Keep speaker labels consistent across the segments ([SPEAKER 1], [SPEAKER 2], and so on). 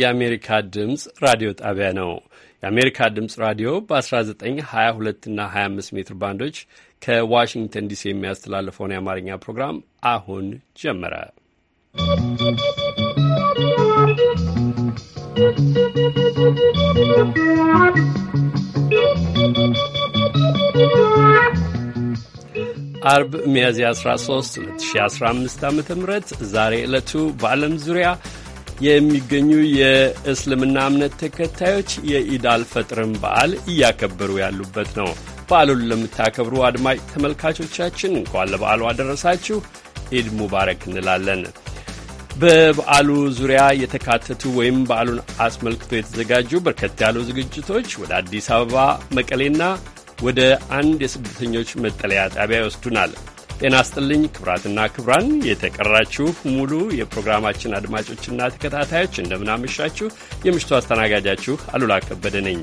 [SPEAKER 1] የአሜሪካ ድምፅ ራዲዮ ጣቢያ ነው። የአሜሪካ ድምፅ ራዲዮ በ1922 እና 25 ሜትር ባንዶች ከዋሽንግተን ዲሲ የሚያስተላልፈውን የአማርኛ ፕሮግራም አሁን ጀመረ። አርብ ሚያዝያ 13 2015 ዓ ም ዛሬ ዕለቱ በዓለም ዙሪያ የሚገኙ የእስልምና እምነት ተከታዮች የኢድ አልፈጥርን በዓል እያከበሩ ያሉበት ነው። በዓሉን ለምታከብሩ አድማጭ ተመልካቾቻችን እንኳን ለበዓሉ አደረሳችሁ ኢድ ሙባረክ እንላለን። በበዓሉ ዙሪያ የተካተቱ ወይም በዓሉን አስመልክቶ የተዘጋጁ በርከት ያሉ ዝግጅቶች ወደ አዲስ አበባ፣ መቀሌና ወደ አንድ የስደተኞች መጠለያ ጣቢያ ይወስዱናል። ጤና ስጥልኝ ክብራትና ክብራን የተቀራችሁ ሙሉ የፕሮግራማችን አድማጮችና ተከታታዮች እንደምናመሻችሁ። የምሽቱ አስተናጋጃችሁ አሉላ ከበደ ነኝ።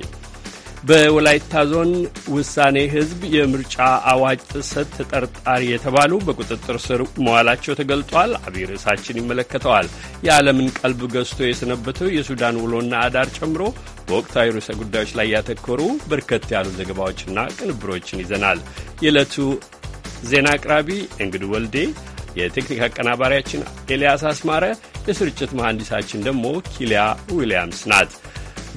[SPEAKER 1] በወላይታ ዞን ውሳኔ ህዝብ የምርጫ አዋጅ ጥሰት ተጠርጣሪ የተባሉ በቁጥጥር ስር መዋላቸው ተገልጧል። አብይ ርዕሳችን ይመለከተዋል። የዓለምን ቀልብ ገዝቶ የሰነበተው የሱዳን ውሎና አዳር ጨምሮ በወቅታዊ ርዕሰ ጉዳዮች ላይ ያተኮሩ በርከት ያሉ ዘገባዎችና ቅንብሮችን ይዘናል። የዕለቱ ዜና አቅራቢ እንግድ ወልዴ፣ የቴክኒክ አቀናባሪያችን ኤልያስ አስማረ፣ የስርጭት መሐንዲሳችን ደግሞ ኪሊያ ዊልያምስ ናት።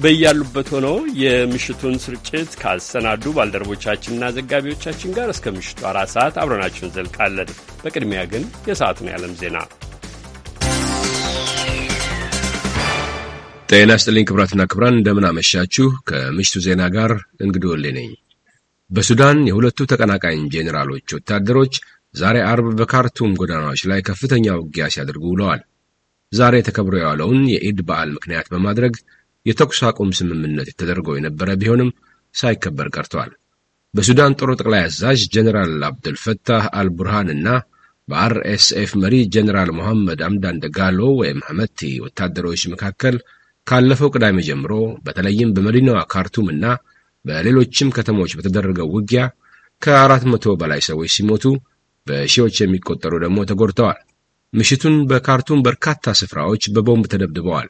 [SPEAKER 1] በያሉበት ሆነው የምሽቱን ስርጭት ካሰናዱ ባልደረቦቻችንና ዘጋቢዎቻችን ጋር እስከ ምሽቱ አራት ሰዓት አብረናችሁን ዘልቃለን። በቅድሚያ ግን የሰዓቱን የዓለም ዜና።
[SPEAKER 2] ጤና ስጥልኝ ክብራትና ክብራን፣ እንደምን አመሻችሁ። ከምሽቱ ዜና ጋር እንግዲህ ወሌ ነኝ። በሱዳን የሁለቱ ተቀናቃኝ ጄኔራሎች ወታደሮች ዛሬ አርብ በካርቱም ጎዳናዎች ላይ ከፍተኛ ውጊያ ሲያደርጉ ውለዋል። ዛሬ ተከብሮ የዋለውን የኢድ በዓል ምክንያት በማድረግ የተኩስ አቁም ስምምነት ተደርጎ የነበረ ቢሆንም ሳይከበር ቀርቷል። በሱዳን ጦር ጠቅላይ አዛዥ ጀኔራል አብዱልፈታህ አልቡርሃን እና በአርኤስኤፍ መሪ ጀኔራል መሐመድ አምዳን ደጋሎ ወይም ሐመቲ ወታደሮች መካከል ካለፈው ቅዳሜ ጀምሮ በተለይም በመዲናዋ ካርቱም እና በሌሎችም ከተሞች በተደረገው ውጊያ ከአራት መቶ በላይ ሰዎች ሲሞቱ በሺዎች የሚቆጠሩ ደግሞ ተጎድተዋል። ምሽቱን በካርቱም በርካታ ስፍራዎች በቦምብ ተደብድበዋል።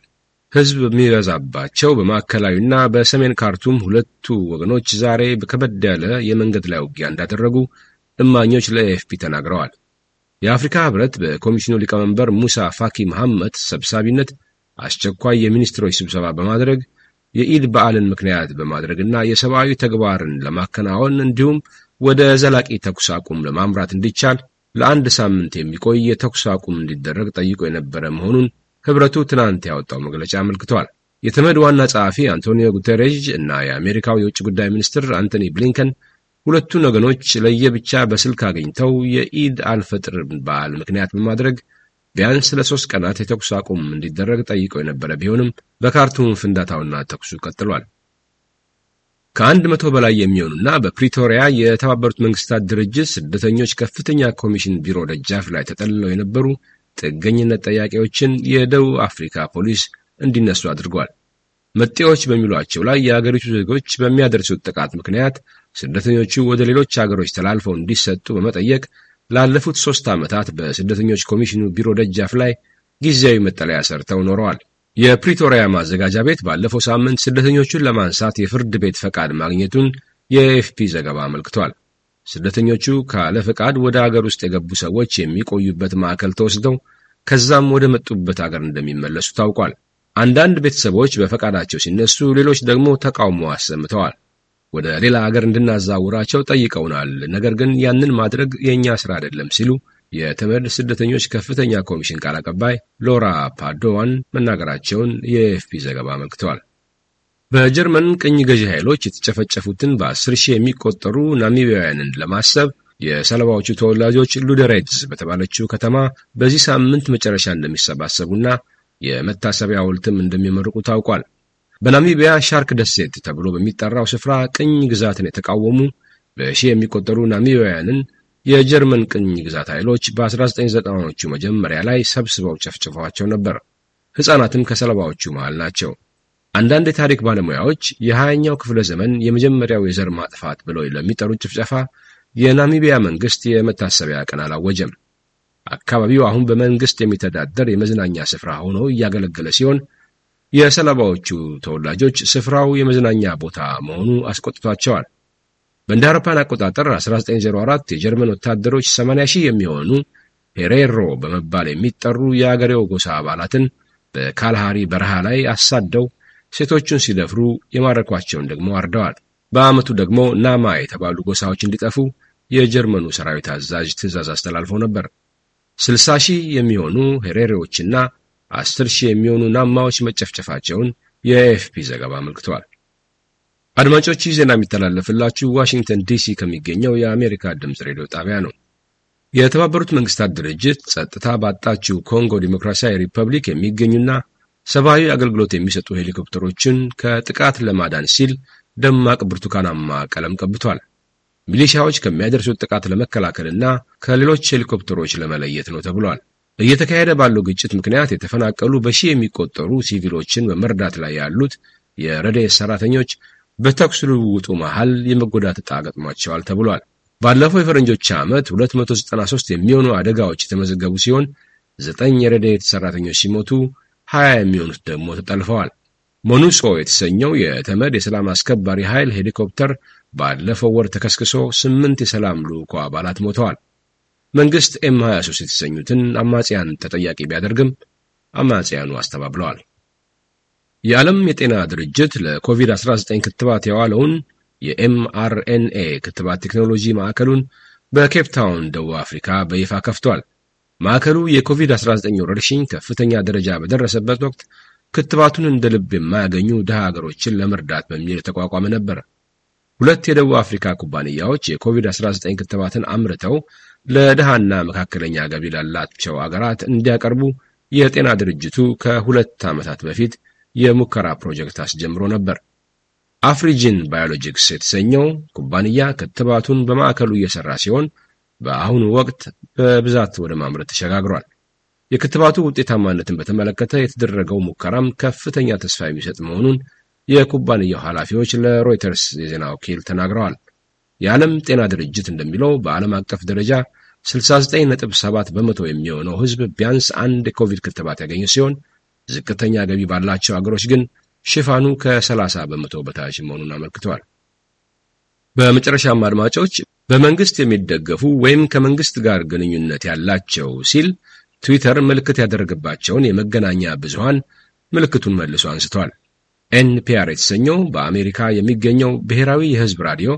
[SPEAKER 2] ሕዝብ በሚበዛባቸው በማዕከላዊና በሰሜን ካርቱም ሁለቱ ወገኖች ዛሬ በከበድ ያለ የመንገድ ላይ ውጊያ እንዳደረጉ እማኞች ለኤኤፍፒ ተናግረዋል። የአፍሪካ ህብረት በኮሚሽኑ ሊቀመንበር ሙሳ ፋኪ መሐመድ ሰብሳቢነት አስቸኳይ የሚኒስትሮች ስብሰባ በማድረግ የኢድ በዓልን ምክንያት በማድረግና የሰብአዊ ተግባርን ለማከናወን እንዲሁም ወደ ዘላቂ ተኩስ አቁም ለማምራት እንዲቻል ለአንድ ሳምንት የሚቆይ የተኩስ አቁም እንዲደረግ ጠይቆ የነበረ መሆኑን ኅብረቱ ትናንት ያወጣው መግለጫ አመልክቷል። የተመድ ዋና ጸሐፊ አንቶኒዮ ጉተሬዥ እና የአሜሪካው የውጭ ጉዳይ ሚኒስትር አንቶኒ ብሊንከን ሁለቱን ወገኖች ለየብቻ በስልክ አግኝተው የኢድ አልፈጥር በዓል ምክንያት በማድረግ ቢያንስ ለሶስት ቀናት የተኩስ አቁም እንዲደረግ ጠይቆ የነበረ ቢሆንም በካርቱም ፍንዳታውና ተኩሱ ቀጥሏል። ከአንድ መቶ በላይ የሚሆኑና በፕሪቶሪያ የተባበሩት መንግስታት ድርጅት ስደተኞች ከፍተኛ ኮሚሽን ቢሮ ደጃፍ ላይ ተጠልለው የነበሩ ጥገኝነት ጠያቂዎችን የደቡብ አፍሪካ ፖሊስ እንዲነሱ አድርጓል። መጤዎች በሚሏቸው ላይ የአገሪቱ ዜጎች በሚያደርሱት ጥቃት ምክንያት ስደተኞቹ ወደ ሌሎች አገሮች ተላልፈው እንዲሰጡ በመጠየቅ ላለፉት ሦስት ዓመታት በስደተኞች ኮሚሽኑ ቢሮ ደጃፍ ላይ ጊዜያዊ መጠለያ ሰርተው ኖረዋል። የፕሪቶሪያ ማዘጋጃ ቤት ባለፈው ሳምንት ስደተኞቹን ለማንሳት የፍርድ ቤት ፈቃድ ማግኘቱን የኤፍፒ ዘገባ አመልክቷል። ስደተኞቹ ካለ ፈቃድ ወደ አገር ውስጥ የገቡ ሰዎች የሚቆዩበት ማዕከል ተወስደው ከዛም ወደ መጡበት አገር እንደሚመለሱ ታውቋል። አንዳንድ ቤተሰቦች በፈቃዳቸው ሲነሱ፣ ሌሎች ደግሞ ተቃውሞ አሰምተዋል። ወደ ሌላ አገር እንድናዛውራቸው ጠይቀውናል። ነገር ግን ያንን ማድረግ የእኛ ስራ አይደለም ሲሉ የተመድ ስደተኞች ከፍተኛ ኮሚሽን ቃል አቀባይ ሎራ ፓዶዋን መናገራቸውን የኤፍፒ ዘገባ አመልክተዋል። በጀርመን ቅኝ ገዢ ኃይሎች የተጨፈጨፉትን በአስር ሺህ የሚቆጠሩ ናሚቢያውያንን ለማሰብ የሰለባዎቹ ተወላጆች ሉደሬትዝ በተባለችው ከተማ በዚህ ሳምንት መጨረሻ እንደሚሰባሰቡና የመታሰቢያ ሐውልትም እንደሚመርቁ ታውቋል። በናሚቢያ ሻርክ ደሴት ተብሎ በሚጠራው ስፍራ ቅኝ ግዛትን የተቃወሙ በሺ የሚቆጠሩ ናሚቢያውያንን የጀርመን ቅኝ ግዛት ኃይሎች በ1990ዎቹ መጀመሪያ ላይ ሰብስበው ጨፍጭፈዋቸው ነበር። ሕፃናትም ከሰለባዎቹ መሃል ናቸው። አንዳንድ የታሪክ ባለሙያዎች የሃያኛው ክፍለ ዘመን የመጀመሪያው የዘር ማጥፋት ብለው ለሚጠሩት ጭፍጨፋ የናሚቢያ መንግሥት የመታሰቢያ ቀን አላወጀም። አካባቢው አሁን በመንግሥት የሚተዳደር የመዝናኛ ስፍራ ሆኖ እያገለገለ ሲሆን የሰለባዎቹ ተወላጆች ስፍራው የመዝናኛ ቦታ መሆኑ አስቆጥቷቸዋል። በእንደ አውሮፓን አቆጣጠር 1904 የጀርመን ወታደሮች 80 ሺህ የሚሆኑ ሄሬሮ በመባል የሚጠሩ የአገሬው ጎሳ አባላትን በካልሃሪ በረሃ ላይ አሳደው ሴቶቹን ሲደፍሩ የማረኳቸውን ደግሞ አርደዋል። በዓመቱ ደግሞ ናማ የተባሉ ጎሳዎች እንዲጠፉ የጀርመኑ ሰራዊት አዛዥ ትዕዛዝ አስተላልፎ ነበር። 60 ሺህ የሚሆኑ ሄሬሬዎችና አስር ሺህ የሚሆኑ ናማዎች መጨፍጨፋቸውን የኤኤፍፒ ዘገባ አመልክቷል። አድማጮች ይህ ዜና የሚተላለፍላችሁ ዋሽንግተን ዲሲ ከሚገኘው የአሜሪካ ድምፅ ሬዲዮ ጣቢያ ነው። የተባበሩት መንግስታት ድርጅት ጸጥታ ባጣችው ኮንጎ ዲሞክራሲያዊ ሪፐብሊክ የሚገኙና ሰብአዊ አገልግሎት የሚሰጡ ሄሊኮፕተሮችን ከጥቃት ለማዳን ሲል ደማቅ ብርቱካናማ ቀለም ቀብቷል። ሚሊሻዎች ከሚያደርሱት ጥቃት ለመከላከልና ከሌሎች ሄሊኮፕተሮች ለመለየት ነው ተብሏል። እየተካሄደ ባለው ግጭት ምክንያት የተፈናቀሉ በሺህ የሚቆጠሩ ሲቪሎችን በመርዳት ላይ ያሉት የረድኤት ሰራተኞች በተኩስ ልውውጡ መሃል የመጎዳት ዕጣ ገጥሟቸዋል ተብሏል። ባለፈው የፈረንጆች ዓመት 293 የሚሆኑ አደጋዎች የተመዘገቡ ሲሆን ዘጠኝ የረድኤት ሰራተኞች ሲሞቱ 20 የሚሆኑት ደግሞ ተጠልፈዋል። ሞኑሶ የተሰኘው የተመድ የሰላም አስከባሪ ኃይል ሄሊኮፕተር ባለፈው ወር ተከስክሶ ስምንት የሰላም ልዑኮ አባላት ሞተዋል። መንግስት ኤም 23 የተሰኙትን አማጽያን ተጠያቂ ቢያደርግም አማጽያኑ አስተባብለዋል። የዓለም የጤና ድርጅት ለኮቪድ-19 ክትባት የዋለውን የኤምአርኤንኤ ክትባት ቴክኖሎጂ ማዕከሉን በኬፕታውን ደቡብ አፍሪካ በይፋ ከፍቷል። ማዕከሉ የኮቪድ-19 ወረርሽኝ ከፍተኛ ደረጃ በደረሰበት ወቅት ክትባቱን እንደ ልብ የማያገኙ ድሃ ሀገሮችን ለመርዳት በሚል የተቋቋመ ነበር። ሁለት የደቡብ አፍሪካ ኩባንያዎች የኮቪድ-19 ክትባትን አምርተው ለድሃና መካከለኛ ገቢ ላላቸው አገራት እንዲያቀርቡ የጤና ድርጅቱ ከሁለት ዓመታት በፊት የሙከራ ፕሮጀክት አስጀምሮ ነበር። አፍሪጂን ባዮሎጂክስ የተሰኘው ኩባንያ ክትባቱን በማዕከሉ እየሠራ ሲሆን በአሁኑ ወቅት በብዛት ወደ ማምረት ተሸጋግሯል። የክትባቱ ውጤታማነትን በተመለከተ የተደረገው ሙከራም ከፍተኛ ተስፋ የሚሰጥ መሆኑን የኩባንያው ኃላፊዎች ለሮይተርስ የዜና ወኪል ተናግረዋል። የዓለም ጤና ድርጅት እንደሚለው በዓለም አቀፍ ደረጃ 69.7 በመቶ የሚሆነው ሕዝብ ቢያንስ አንድ የኮቪድ ክትባት ያገኘ ሲሆን ዝቅተኛ ገቢ ባላቸው አገሮች ግን ሽፋኑ ከ30 በመቶ በታች መሆኑን አመልክተዋል። በመጨረሻም አድማጮች በመንግስት የሚደገፉ ወይም ከመንግስት ጋር ግንኙነት ያላቸው ሲል ትዊተር ምልክት ያደረገባቸውን የመገናኛ ብዙሃን ምልክቱን መልሶ አንስቷል። ኤንፒአር የተሰኘው በአሜሪካ የሚገኘው ብሔራዊ የህዝብ ራዲዮ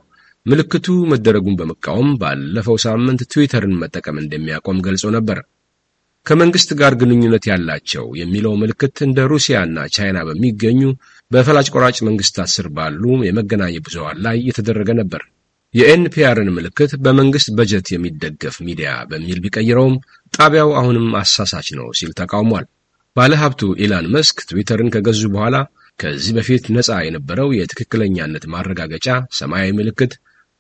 [SPEAKER 2] ምልክቱ መደረጉን በመቃወም ባለፈው ሳምንት ትዊተርን መጠቀም እንደሚያቆም ገልጾ ነበር። ከመንግስት ጋር ግንኙነት ያላቸው የሚለው ምልክት እንደ ሩሲያና ቻይና በሚገኙ በፈላጭ ቆራጭ መንግስታት ስር ባሉ የመገናኛ ብዙሃን ላይ የተደረገ ነበር። የኤንፒአርን ምልክት በመንግስት በጀት የሚደገፍ ሚዲያ በሚል ቢቀይረውም ጣቢያው አሁንም አሳሳች ነው ሲል ተቃውሟል። ባለሀብቱ ኢላን መስክ ትዊተርን ከገዙ በኋላ ከዚህ በፊት ነፃ የነበረው የትክክለኛነት ማረጋገጫ ሰማያዊ ምልክት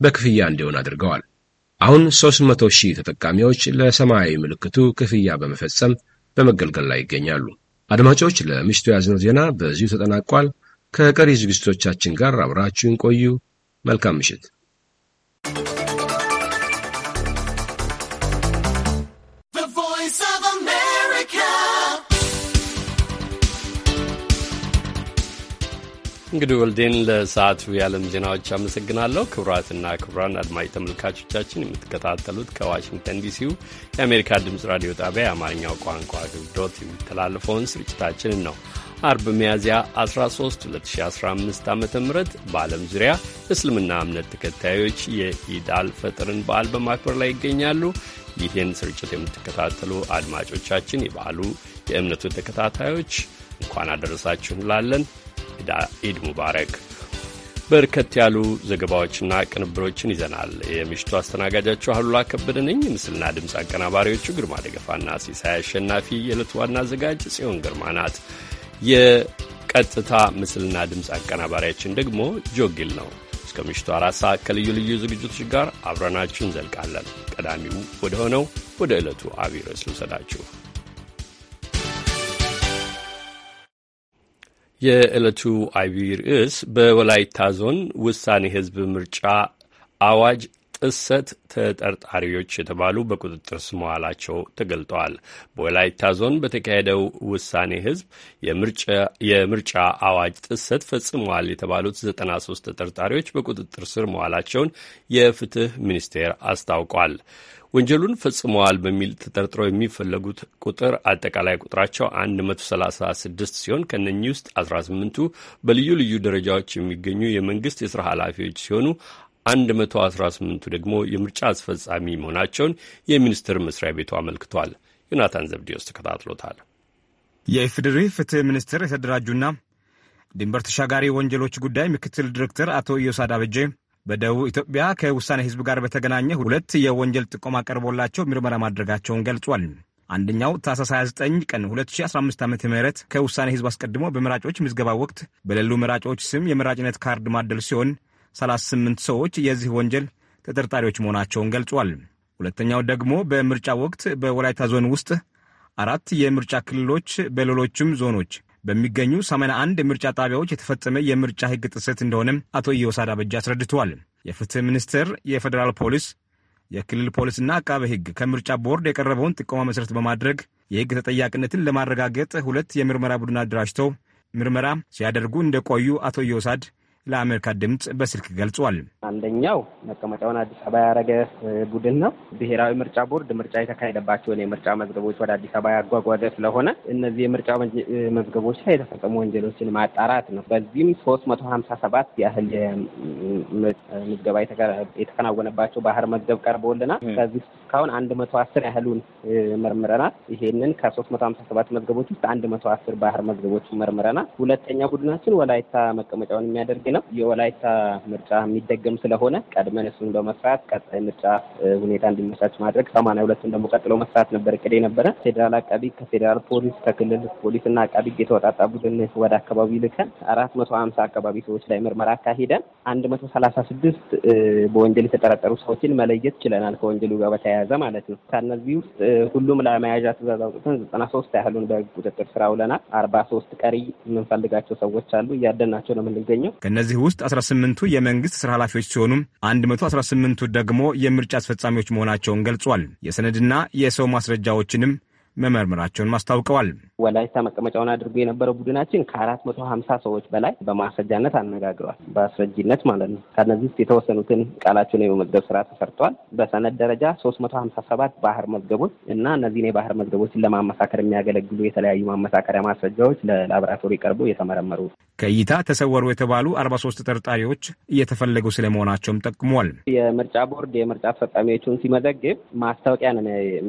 [SPEAKER 2] በክፍያ እንዲሆን አድርገዋል። አሁን 300 ሺህ ተጠቃሚዎች ለሰማያዊ ምልክቱ ክፍያ በመፈጸም በመገልገል ላይ ይገኛሉ። አድማጮች፣ ለምሽቱ የያዝነው ዜና በዚሁ ተጠናቋል። ከቀሪ ዝግጅቶቻችን ጋር አብራችሁን ቆዩ። መልካም ምሽት።
[SPEAKER 1] እንግዲህ ወልዴን ለሰዓቱ የዓለም ዜናዎች አመሰግናለሁ። ክቡራትና ክቡራን አድማጭ ተመልካቾቻችን የምትከታተሉት ከዋሽንግተን ዲሲው የአሜሪካ ድምፅ ራዲዮ ጣቢያ የአማርኛው ቋንቋ አገልግሎት የሚተላለፈውን ስርጭታችንን ነው። አርብ ሚያዝያ 13 2015 ዓ ም በዓለም ዙሪያ እስልምና እምነት ተከታዮች የኢድ ፈጥርን በዓል በማክበር ላይ ይገኛሉ። ይህን ስርጭት የምትከታተሉ አድማጮቻችን የበዓሉ የእምነቱ ተከታታዮች እንኳን አደረሳችሁ እንላለን። ኢድ ሙባረክ። በርከት ያሉ ዘገባዎችና ቅንብሮችን ይዘናል። የምሽቱ አስተናጋጃችሁ አሉላ ከበደ ነኝ። ምስልና ድምፅ አቀናባሪዎቹ ግርማ ደገፋና ሲሳይ አሸናፊ፣ የዕለቱ ዋና አዘጋጅ ጽዮን ግርማ ናት። የቀጥታ ምስልና ድምፅ አቀናባሪያችን ደግሞ ጆጊል ነው። እስከ ምሽቱ አራት ሰዓት ከልዩ ልዩ ዝግጅቶች ጋር አብረናችሁ እንዘልቃለን። ቀዳሚው ወደ ሆነው ወደ ዕለቱ አብይ ርዕስ ልውሰዳችሁ። የዕለቱ አብይ ርዕስ በወላይታ ዞን ውሳኔ ህዝብ ምርጫ አዋጅ ጥሰት ተጠርጣሪዎች የተባሉ በቁጥጥር ስር መዋላቸው ተገልጠዋል። በወላይታ ዞን በተካሄደው ውሳኔ ህዝብ የምርጫ አዋጅ ጥሰት ፈጽመዋል የተባሉት 93 ተጠርጣሪዎች በቁጥጥር ስር መዋላቸውን የፍትህ ሚኒስቴር አስታውቋል። ወንጀሉን ፈጽመዋል በሚል ተጠርጥረው የሚፈለጉት ቁጥር አጠቃላይ ቁጥራቸው 136 ሲሆን ከነኚህ ውስጥ 18ቱ በልዩ ልዩ ደረጃዎች የሚገኙ የመንግስት የስራ ኃላፊዎች ሲሆኑ 118ቱ ደግሞ የምርጫ አስፈጻሚ መሆናቸውን የሚኒስቴር መስሪያ ቤቱ አመልክቷል። ዮናታን ዘብዴዎስ ተከታትሎታል።
[SPEAKER 3] የኢፌዴሪ ፍትህ ሚኒስቴር የተደራጁና ድንበር ተሻጋሪ ወንጀሎች ጉዳይ ምክትል ዲሬክተር አቶ ኢዮሳድ አበጄ በደቡብ ኢትዮጵያ ከውሳኔ ህዝብ ጋር በተገናኘ ሁለት የወንጀል ጥቆማ ቀርቦላቸው ምርመራ ማድረጋቸውን ገልጿል። አንደኛው ታህሳስ 29 ቀን 2015 ዓ ም ከውሳኔ ህዝብ አስቀድሞ በመራጮች ምዝገባ ወቅት በሌሉ መራጮች ስም የመራጭነት ካርድ ማደል ሲሆን 38 ሰዎች የዚህ ወንጀል ተጠርጣሪዎች መሆናቸውን ገልጿል። ሁለተኛው ደግሞ በምርጫ ወቅት በወላይታ ዞን ውስጥ አራት የምርጫ ክልሎች በሌሎችም ዞኖች በሚገኙ 81 የምርጫ ጣቢያዎች የተፈጸመ የምርጫ ህግ ጥሰት እንደሆነም አቶ ኢዮሳድ አበጃ አስረድተዋል። የፍትህ ሚኒስቴር፣ የፌዴራል ፖሊስ፣ የክልል ፖሊስና አቃቤ ህግ ከምርጫ ቦርድ የቀረበውን ጥቆማ መሠረት በማድረግ የህግ ተጠያቂነትን ለማረጋገጥ ሁለት የምርመራ ቡድን አደራጅተው ምርመራ ሲያደርጉ እንደቆዩ አቶ ኢዮሳድ ለአሜሪካ ድምፅ በስልክ ገልጿል።
[SPEAKER 4] አንደኛው መቀመጫውን አዲስ አበባ ያደረገ ቡድን ነው። ብሔራዊ ምርጫ ቦርድ ምርጫ የተካሄደባቸውን የምርጫ መዝገቦች ወደ አዲስ አበባ ያጓጓዘ ስለሆነ እነዚህ የምርጫ መዝገቦች ላይ የተፈጸሙ ወንጀሎችን ማጣራት ነው። በዚህም ሶስት መቶ ሀምሳ ሰባት ያህል ምዝገባ የተከናወነባቸው ባህር መዝገብ ቀርቦልናል። ከዚህ እስካሁን አንድ መቶ አስር ያህሉን መርምረናል። ይሄንን ከሶስት መቶ ሀምሳ ሰባት መዝገቦች ውስጥ አንድ መቶ አስር ባህር መዝገቦች መርምረናል። ሁለተኛ ቡድናችን ወላይታ መቀመጫውን የሚያደርግ ነው። የወላይታ ምርጫ የሚደገም ስለሆነ ቀድመን እሱን በመስራት ቀጣይ ምርጫ ሁኔታ እንዲመቻች ማድረግ ሰማንያ ሁለቱን ደግሞ ቀጥሎ መስራት ነበር እቅድ ነበረ። ፌዴራል አቃቢ ከፌዴራል ፖሊስ ከክልል ፖሊስና አቃቢ የተወጣጣ ቡድን ወደ አካባቢ ልከን አራት መቶ ሀምሳ አካባቢ ሰዎች ላይ ምርመራ አካሂደን አንድ መቶ ሰላሳ ስድስት በወንጀል የተጠረጠሩ ሰዎችን መለየት ችለናል። ከወንጀሉ ጋር በተያያዘ ማለት ነው። ከነዚህ ውስጥ ሁሉም ለመያዣ ትእዛዝ አውጥተን ዘጠና ሶስት ያህሉን በህግ ቁጥጥር ስራ ውለናል። አርባ ሶስት ቀሪ የምንፈልጋቸው ሰዎች አሉ። እያደናቸው ነው የምንገኘው።
[SPEAKER 3] ከእነዚህ ውስጥ 18ቱ የመንግስት ሥራ ኃላፊዎች ሲሆኑ 118ቱ ደግሞ የምርጫ አስፈጻሚዎች መሆናቸውን ገልጿል። የሰነድና የሰው ማስረጃዎችንም መመርመራቸውን ማስታውቀዋል።
[SPEAKER 4] ወላይታ መቀመጫውን አድርጎ የነበረው ቡድናችን ከአራት መቶ ሀምሳ ሰዎች በላይ በማስረጃነት አነጋግረዋል። በአስረጅነት ማለት ነው። ከነዚህ ውስጥ የተወሰኑትን ቃላቸውን የመመዝገብ ስራ ተሰርተዋል። በሰነድ ደረጃ ሶስት መቶ ሀምሳ ሰባት ባህር መዝገቦች እና እነዚህን የባህር መዝገቦችን ለማመሳከር የሚያገለግሉ የተለያዩ ማመሳከሪያ ማስረጃዎች ለላቦራቶሪ ቀርቦ እየተመረመሩ
[SPEAKER 3] ከእይታ ተሰወሩ የተባሉ አርባ ሶስት ተጠርጣሪዎች እየተፈለጉ ስለመሆናቸውም ጠቅሟል።
[SPEAKER 4] የምርጫ ቦርድ የምርጫ ተፈጻሚዎቹን ሲመዘግብ ማስታወቂያ ነው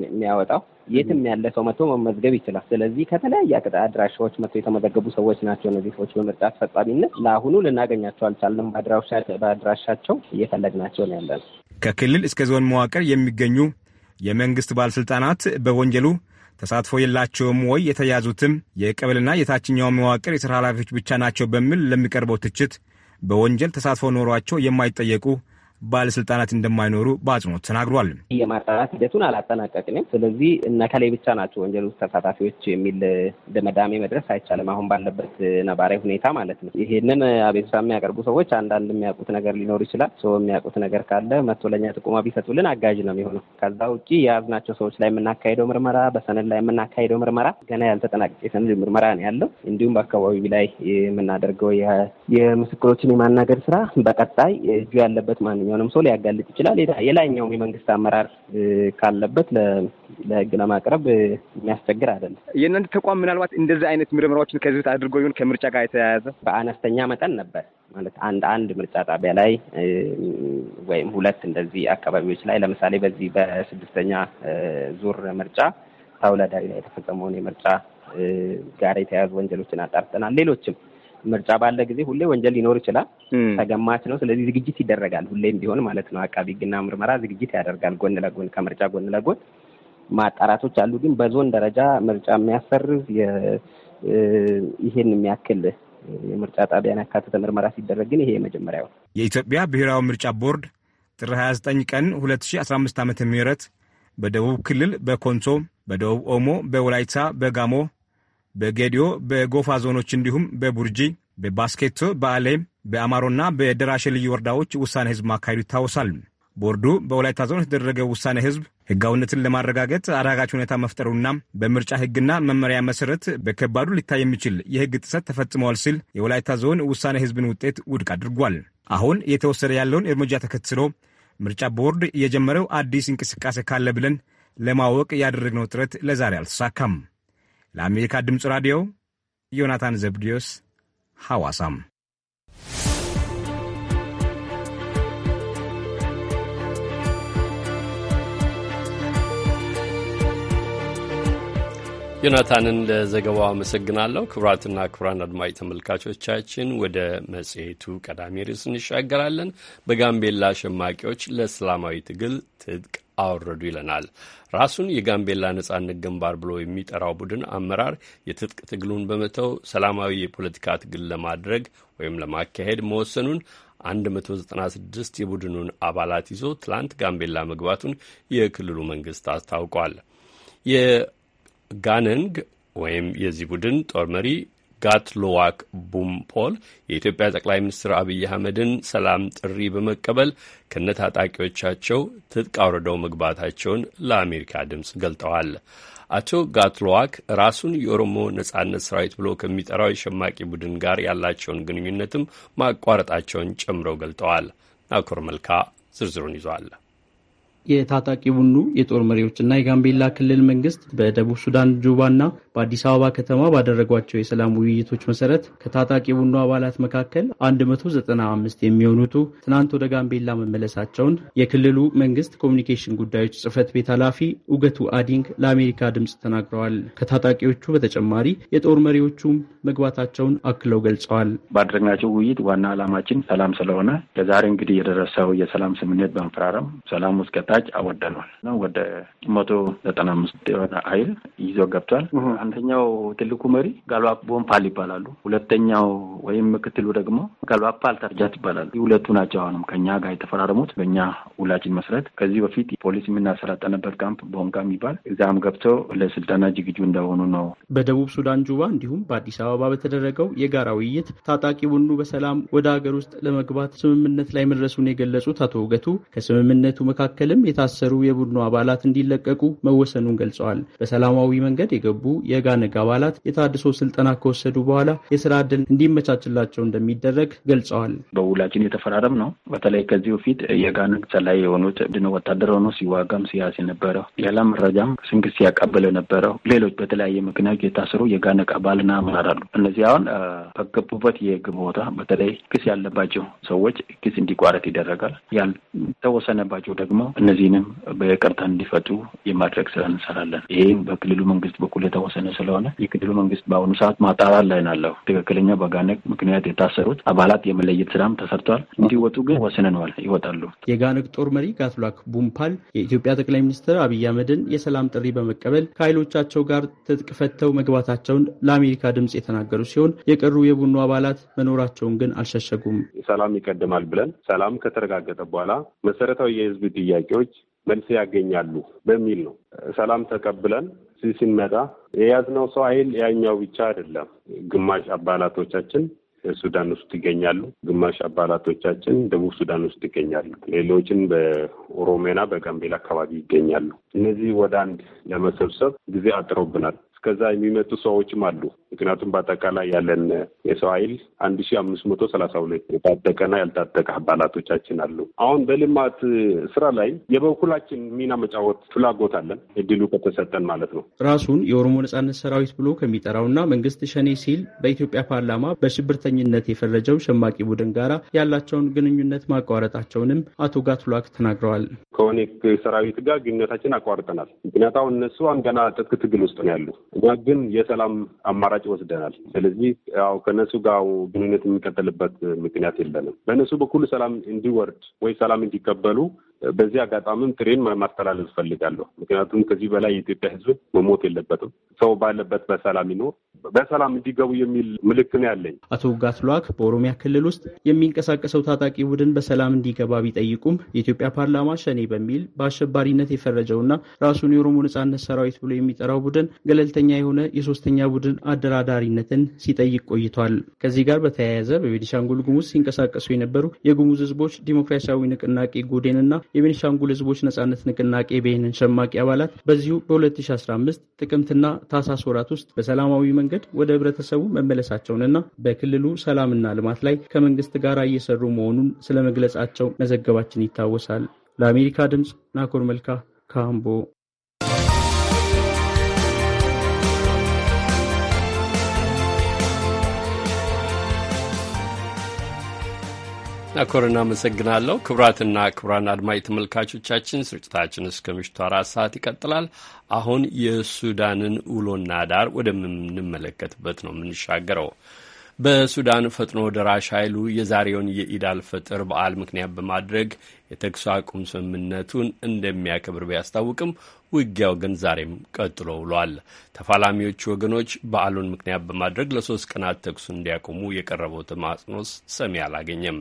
[SPEAKER 4] የሚያወጣው። የትም ያለ ሰው መቶ መመዝገብ ይችላል። ስለዚህ ከተለያየ አድራሻዎች መቶ የተመዘገቡ ሰዎች ናቸው። እነዚህ ሰዎች በምርጫ አስፈጻሚነት ለአሁኑ ልናገኛቸው አልቻልንም። በአድራሻቸው እየፈለግናቸው ነው ያለ ነው።
[SPEAKER 3] ከክልል እስከ ዞን መዋቅር የሚገኙ የመንግስት ባለስልጣናት በወንጀሉ ተሳትፎ የላቸውም ወይ? የተያዙትም የቀበሌና የታችኛው መዋቅር የስራ ኃላፊዎች ብቻ ናቸው በሚል ለሚቀርበው ትችት በወንጀል ተሳትፎ ኖሯቸው የማይጠየቁ ባለስልጣናት እንደማይኖሩ በአጽንኦት ተናግሯል። የማጣራት
[SPEAKER 4] ሂደቱን አላጠናቀቅንም። ስለዚህ እነ ከላይ ብቻ ናቸው ወንጀል ውስጥ ተሳታፊዎች የሚል ድምዳሜ መድረስ አይቻልም። አሁን ባለበት ነባራዊ ሁኔታ ማለት ነው። ይሄንን አቤቱታ የሚያቀርቡ ሰዎች አንዳንድ የሚያውቁት ነገር ሊኖር ይችላል። ሰው የሚያውቁት ነገር ካለ መቶ ለእኛ ጥቁማ ቢሰጡልን አጋዥ ነው የሚሆነው። ከዛ ውጭ የያዝናቸው ሰዎች ላይ የምናካሄደው ምርመራ፣ በሰነድ ላይ የምናካሄደው ምርመራ ገና ያልተጠናቀቀ የሰነድ ምርመራ ነው ያለው። እንዲሁም በአካባቢ ላይ የምናደርገው የምስክሮችን የማናገር ስራ በቀጣይ እጁ ያለበት ማንኛውም ማንኛውንም ሰው ሊያጋልጥ ይችላል። የላይኛውም የመንግስት አመራር ካለበት ለህግ ለማቅረብ የሚያስቸግር አይደለም።
[SPEAKER 3] የእናንተ ተቋም ምናልባት
[SPEAKER 4] እንደዚህ አይነት ምርመራዎችን ከዚህ በፊት አድርጎ ይሁን ከምርጫ ጋር የተያያዘ በአነስተኛ መጠን ነበር ማለት አንድ አንድ ምርጫ ጣቢያ ላይ ወይም ሁለት እንደዚህ አካባቢዎች ላይ ለምሳሌ በዚህ በስድስተኛ ዙር ምርጫ ተውለዳዊ ላይ የተፈጸመውን የምርጫ ጋር የተያያዙ ወንጀሎችን አጣርተናል። ሌሎችም ምርጫ ባለ ጊዜ ሁሌ ወንጀል ሊኖር ይችላል፣ ተገማች ነው። ስለዚህ ዝግጅት ይደረጋል ሁሌም ቢሆን ማለት ነው። አቃቢ ሕግና ምርመራ ዝግጅት ያደርጋል ጎን ለጎን ከምርጫ ጎን ለጎን ማጣራቶች አሉ። ግን በዞን ደረጃ ምርጫ የሚያሰርዝ ይሄን የሚያክል የምርጫ ጣቢያን ያካተተ ምርመራ ሲደረግ ግን ይሄ የመጀመሪያው
[SPEAKER 3] ነው። የኢትዮጵያ ብሔራዊ ምርጫ ቦርድ ጥር 29 ቀን 2015 ዓ ም በደቡብ ክልል በኮንሶ፣ በደቡብ ኦሞ፣ በወላይታ፣ በጋሞ በጌዲዮ በጎፋ ዞኖች እንዲሁም በቡርጂ በባስኬቶ በአሌ በአማሮና በደራሼ ልዩ ወረዳዎች ውሳኔ ህዝብ ማካሄዱ ይታወሳል። ቦርዱ በወላይታ ዞን የተደረገ ውሳኔ ህዝብ ህጋዊነትን ለማረጋገጥ አዳጋች ሁኔታ መፍጠሩና በምርጫ ህግና መመሪያ መሰረት በከባዱ ሊታይ የሚችል የህግ ጥሰት ተፈጽመዋል ሲል የወላይታ ዞን ውሳኔ ህዝብን ውጤት ውድቅ አድርጓል። አሁን እየተወሰደ ያለውን እርምጃ ተከትሎ ምርጫ ቦርድ የጀመረው አዲስ እንቅስቃሴ ካለ ብለን ለማወቅ ያደረግነው ጥረት ለዛሬ አልተሳካም። ለአሜሪካ ድምፅ ራዲዮ ዮናታን ዘብዲዮስ ሐዋሳም።
[SPEAKER 1] ዮናታንን ለዘገባው አመሰግናለሁ። ክቡራትና ክቡራን አድማጭ ተመልካቾቻችን ወደ መጽሔቱ ቀዳሚ ርዕስ እንሻገራለን። በጋምቤላ ሸማቂዎች ለእስላማዊ ትግል ትጥቅ አወረዱ ይለናል። ራሱን የጋምቤላ ነጻነት ግንባር ብሎ የሚጠራው ቡድን አመራር የትጥቅ ትግሉን በመተው ሰላማዊ የፖለቲካ ትግል ለማድረግ ወይም ለማካሄድ መወሰኑን 196 የቡድኑን አባላት ይዞ ትላንት ጋምቤላ መግባቱን የክልሉ መንግስት አስታውቋል። የጋነንግ ወይም የዚህ ቡድን ጦር መሪ ጋትሎዋክ ቡምፖል የኢትዮጵያ ጠቅላይ ሚኒስትር አብይ አህመድን ሰላም ጥሪ በመቀበል ከነታጣቂዎቻቸው ትጥቅ አውርደው መግባታቸውን ለአሜሪካ ድምፅ ገልጠዋል። አቶ ጋትሎዋክ ራሱን የኦሮሞ ነጻነት ሰራዊት ብሎ ከሚጠራው የሸማቂ ቡድን ጋር ያላቸውን ግንኙነትም ማቋረጣቸውን ጨምረው ገልጠዋል። ናኮር መልካ ዝርዝሩን ይዟል።
[SPEAKER 5] የታጣቂ ቡኑ የጦር መሪዎችና የጋምቤላ ክልል መንግስት በደቡብ ሱዳን ጁባና በአዲስ አበባ ከተማ ባደረጓቸው የሰላም ውይይቶች መሰረት ከታጣቂ ቡድኑ አባላት መካከል 195 የሚሆኑቱ ትናንት ወደ ጋምቤላ መመለሳቸውን የክልሉ መንግስት ኮሚኒኬሽን ጉዳዮች ጽህፈት ቤት ኃላፊ ኡገቱ አዲንግ ለአሜሪካ ድምፅ ተናግረዋል። ከታጣቂዎቹ በተጨማሪ የጦር መሪዎቹም መግባታቸውን አክለው ገልጸዋል።
[SPEAKER 6] ባደረግናቸው ውይይት ዋና
[SPEAKER 5] ዓላማችን ሰላም
[SPEAKER 6] ስለሆነ ለዛሬ እንግዲህ የደረሰው የሰላም ስምምነት በመፈራረም ሰላም ውስጥ ቀጣጭ አወደኗል። ወደ መቶ ዘጠና አምስት የሆነ ኃይል ይዞ ገብቷል። አንደኛው ትልቁ መሪ ጋልባፓል ቦምፓል ይባላሉ። ሁለተኛው ወይም ምክትሉ ደግሞ ፓል ተርጃት ይባላሉ። ሁለቱ ናቸው አሁንም ከኛ ጋር የተፈራረሙት በእኛ ውላችን መሰረት ከዚህ በፊት ፖሊስ የምናሰላጠንበት ካምፕ ቦንጋ የሚባል እዛም ገብተው ለስልጠና ዝግጁ እንደሆኑ ነው።
[SPEAKER 5] በደቡብ ሱዳን ጁባ እንዲሁም በአዲስ አበባ በተደረገው የጋራ ውይይት ታጣቂ ቡድኑ በሰላም ወደ ሀገር ውስጥ ለመግባት ስምምነት ላይ መድረሱን የገለጹት አቶ ውገቱ ከስምምነቱ መካከልም የታሰሩ የቡድኑ አባላት እንዲለቀቁ መወሰኑን ገልጸዋል። በሰላማዊ መንገድ የገቡ የጋንግ አባላት የታድሶ ስልጠና ከወሰዱ በኋላ የስራ ዕድል እንዲመቻችላቸው እንደሚደረግ ገልጸዋል። በውላችን
[SPEAKER 6] የተፈራረም ነው። በተለይ ከዚህ በፊት የጋንግ ሰላይ የሆኑት ድን ወታደር ሆኖ ሲዋጋም ሲያዝ የነበረው ሌላ መረጃም ስንግ ሲያቀብል የነበረው ሌሎች በተለያየ ምክንያት የታሰሩ የጋንግ አባልና አመራር አሉ። እነዚህ አሁን በገቡበት የህግ ቦታ በተለይ ክስ ያለባቸው ሰዎች ክስ እንዲቋረጥ ይደረጋል። ያልተወሰነባቸው ደግሞ እነዚህንም በይቅርታ እንዲፈቱ የማድረግ ስራ እንሰራለን። ይህም በክልሉ መንግስት በኩል የተወሰነ የተወሰነ ስለሆነ የክልሉ መንግስት በአሁኑ ሰዓት ማጣራት ላይ ናለሁ። ትክክለኛ በጋነ ምክንያት የታሰሩት አባላት የመለየት ስራም ተሰርተዋል። እንዲወጡ ግን ወስነነዋል፣ ይወጣሉ።
[SPEAKER 5] የጋነግ ጦር መሪ ጋትሏክ ቡምፓል የኢትዮጵያ ጠቅላይ ሚኒስትር አብይ አህመድን የሰላም ጥሪ በመቀበል ከኃይሎቻቸው ጋር ትጥቅ ፈተው መግባታቸውን ለአሜሪካ ድምፅ የተናገሩ ሲሆን የቀሩ የቡኑ አባላት መኖራቸውን ግን አልሸሸጉም።
[SPEAKER 7] ሰላም ይቀድማል ብለን ሰላም ከተረጋገጠ በኋላ መሰረታዊ የህዝብ ጥያቄዎች መልስ ያገኛሉ በሚል ነው ሰላም ተቀብለን ሲመጣ የያዝነው ሰው ኃይል ያኛው ብቻ አይደለም። ግማሽ አባላቶቻችን ሱዳን ውስጥ ይገኛሉ። ግማሽ አባላቶቻችን ደቡብ ሱዳን ውስጥ ይገኛሉ። ሌሎችን በኦሮሜና በጋምቤላ አካባቢ ይገኛሉ። እነዚህ ወደ አንድ ለመሰብሰብ ጊዜ አጥረውብናል። እስከዛ የሚመጡ ሰዎችም አሉ። ምክንያቱም በአጠቃላይ ያለን የሰው ኃይል አንድ ሺ አምስት መቶ ሰላሳ ሁለት የታጠቀና ያልታጠቀ አባላቶቻችን አሉ። አሁን በልማት ስራ ላይ የበኩላችን ሚና መጫወት ፍላጎት አለን፣ እድሉ ከተሰጠን ማለት ነው።
[SPEAKER 5] ራሱን የኦሮሞ ነጻነት ሰራዊት ብሎ ከሚጠራውና መንግስት ሸኔ ሲል በኢትዮጵያ ፓርላማ በሽብርተኝነት የፈረጀው ሸማቂ ቡድን ጋራ ያላቸውን ግንኙነት ማቋረጣቸውንም አቶ ጋትሏክ ተናግረዋል።
[SPEAKER 7] ከኦነግ ሰራዊት ጋር ግንኙነታችን አቋርጠናል። ምክንያቱ አሁን እነሱ አሁን ገና ትጥቅ ትግል ውስጥ ነው ያሉ ግን የሰላም አማራጭ ወስደናል። ስለዚህ ያው ከነሱ ጋር ግንኙነት የሚቀጥልበት ምክንያት የለንም። በእነሱ በኩል ሰላም እንዲወርድ ወይ ሰላም እንዲቀበሉ በዚህ አጋጣሚም ትሬን ማስተላለፍ እፈልጋለሁ። ምክንያቱም ከዚህ በላይ የኢትዮጵያ ሕዝብ መሞት የለበትም። ሰው ባለበት በሰላም ይኖር፣ በሰላም እንዲገቡ የሚል ምልክት ነው ያለኝ።
[SPEAKER 5] አቶ ጋትሏክ በኦሮሚያ ክልል ውስጥ የሚንቀሳቀሰው ታጣቂ ቡድን በሰላም እንዲገባ ቢጠይቁም የኢትዮጵያ ፓርላማ ሸኔ በሚል በአሸባሪነት የፈረጀውና ራሱን የኦሮሞ ነጻነት ሰራዊት ብሎ የሚጠራው ቡድን ገለልተኛ የሆነ የሶስተኛ ቡድን አደራዳሪነትን ሲጠይቅ ቆይቷል። ከዚህ ጋር በተያያዘ በቤኒሻንጉል ጉሙዝ ሲንቀሳቀሱ የነበሩ የጉሙዝ ሕዝቦች ዲሞክራሲያዊ ንቅናቄ ጎዴንና የቤኒሻንጉል ህዝቦች ነጻነት ንቅናቄ ቤንን ሸማቂ አባላት በዚሁ በ2015 ጥቅምትና ታህሳስ ወራት ውስጥ በሰላማዊ መንገድ ወደ ህብረተሰቡ መመለሳቸውንና በክልሉ ሰላምና ልማት ላይ ከመንግስት ጋር እየሰሩ መሆኑን ስለ መግለጻቸው መዘገባችን ይታወሳል። ለአሜሪካ ድምፅ ናኮር መልካ ካምቦ
[SPEAKER 1] አኮርን አመሰግናለሁ። ክቡራትና ክቡራን አድማጭ ተመልካቾቻችን ስርጭታችን እስከ ምሽቱ አራት ሰዓት ይቀጥላል። አሁን የሱዳንን ውሎና ዳር ወደምንመለከትበት ነው የምንሻገረው። በሱዳን ፈጥኖ ደራሽ ኃይሉ የዛሬውን የኢዳል ፈጥር በዓል ምክንያት በማድረግ የተኩስ አቁም ስምምነቱን እንደሚያከብር ቢያስታውቅም ውጊያው ግን ዛሬም ቀጥሎ ውሏል። ተፋላሚዎቹ ወገኖች በዓሉን ምክንያት በማድረግ ለሶስት ቀናት ተኩሱ እንዲያቆሙ የቀረበው ተማጽኖ ሰሚ አላገኘም።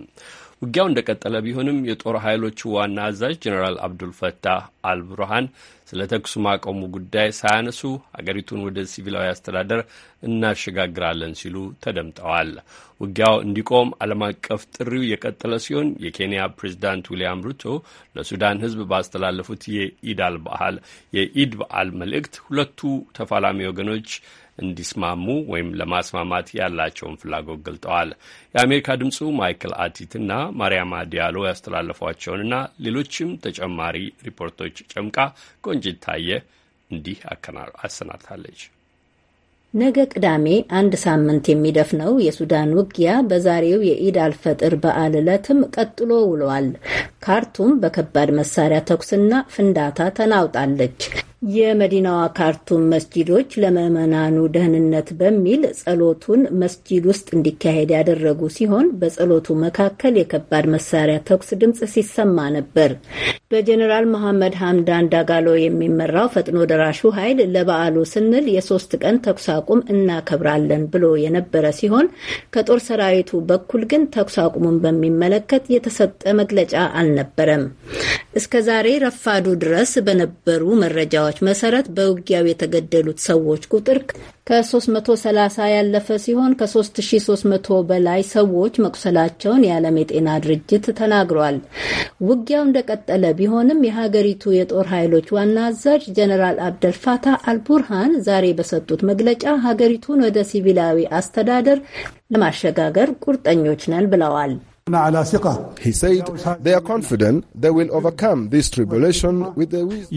[SPEAKER 1] ውጊያው እንደቀጠለ ቢሆንም የጦር ኃይሎቹ ዋና አዛዥ ጀኔራል አብዱልፈታህ አልብርሃን ስለ ተኩሱ ማቆሙ ጉዳይ ሳያነሱ አገሪቱን ወደ ሲቪላዊ አስተዳደር እናሸጋግራለን ሲሉ ተደምጠዋል። ውጊያው እንዲቆም ዓለም አቀፍ ጥሪው የቀጠለ ሲሆን የኬንያ ፕሬዚዳንት ዊልያም ሩቶ ለሱዳን ሕዝብ ባስተላለፉት የኢድ አል በዓል የኢድ በዓል መልእክት ሁለቱ ተፋላሚ ወገኖች እንዲስማሙ ወይም ለማስማማት ያላቸውን ፍላጎት ገልጠዋል። የአሜሪካ ድምፁ ማይክል አቲትና ማርያማ ዲያሎ ያስተላለፏቸውንና ሌሎችም ተጨማሪ ሪፖርቶች ጨምቃ ቆንጅት ታየ እንዲህ አሰናድታለች።
[SPEAKER 8] ነገ ቅዳሜ አንድ ሳምንት የሚደፍነው የሱዳን ውጊያ በዛሬው የኢድ አልፈጥር በዓል ዕለትም ቀጥሎ ውሏል። ካርቱም በከባድ መሳሪያ ተኩስና ፍንዳታ ተናውጣለች። የመዲናዋ ካርቱም መስጂዶች ለምዕመናኑ ደህንነት በሚል ጸሎቱን መስጂድ ውስጥ እንዲካሄድ ያደረጉ ሲሆን በጸሎቱ መካከል የከባድ መሳሪያ ተኩስ ድምፅ ሲሰማ ነበር። በጀኔራል መሐመድ ሐምዳን ዳጋሎ የሚመራው ፈጥኖ ደራሹ ኃይል ለበዓሉ ስንል የሶስት ቀን ተኩስ አቁም እናከብራለን ብሎ የነበረ ሲሆን ከጦር ሰራዊቱ በኩል ግን ተኩስ አቁሙን በሚመለከት የተሰጠ መግለጫ አልነበረም። እስከዛሬ ረፋዱ ድረስ በነበሩ መረጃዎች መረጃዎች መሰረት በውጊያው የተገደሉት ሰዎች ቁጥር ከ330 ያለፈ ሲሆን ከ3300 በላይ ሰዎች መቁሰላቸውን የዓለም የጤና ድርጅት ተናግሯል። ውጊያው እንደቀጠለ ቢሆንም የሀገሪቱ የጦር ኃይሎች ዋና አዛዥ ጀነራል አብደልፋታ አልቡርሃን ዛሬ በሰጡት መግለጫ ሀገሪቱን ወደ ሲቪላዊ አስተዳደር ለማሸጋገር ቁርጠኞች ነን ብለዋል።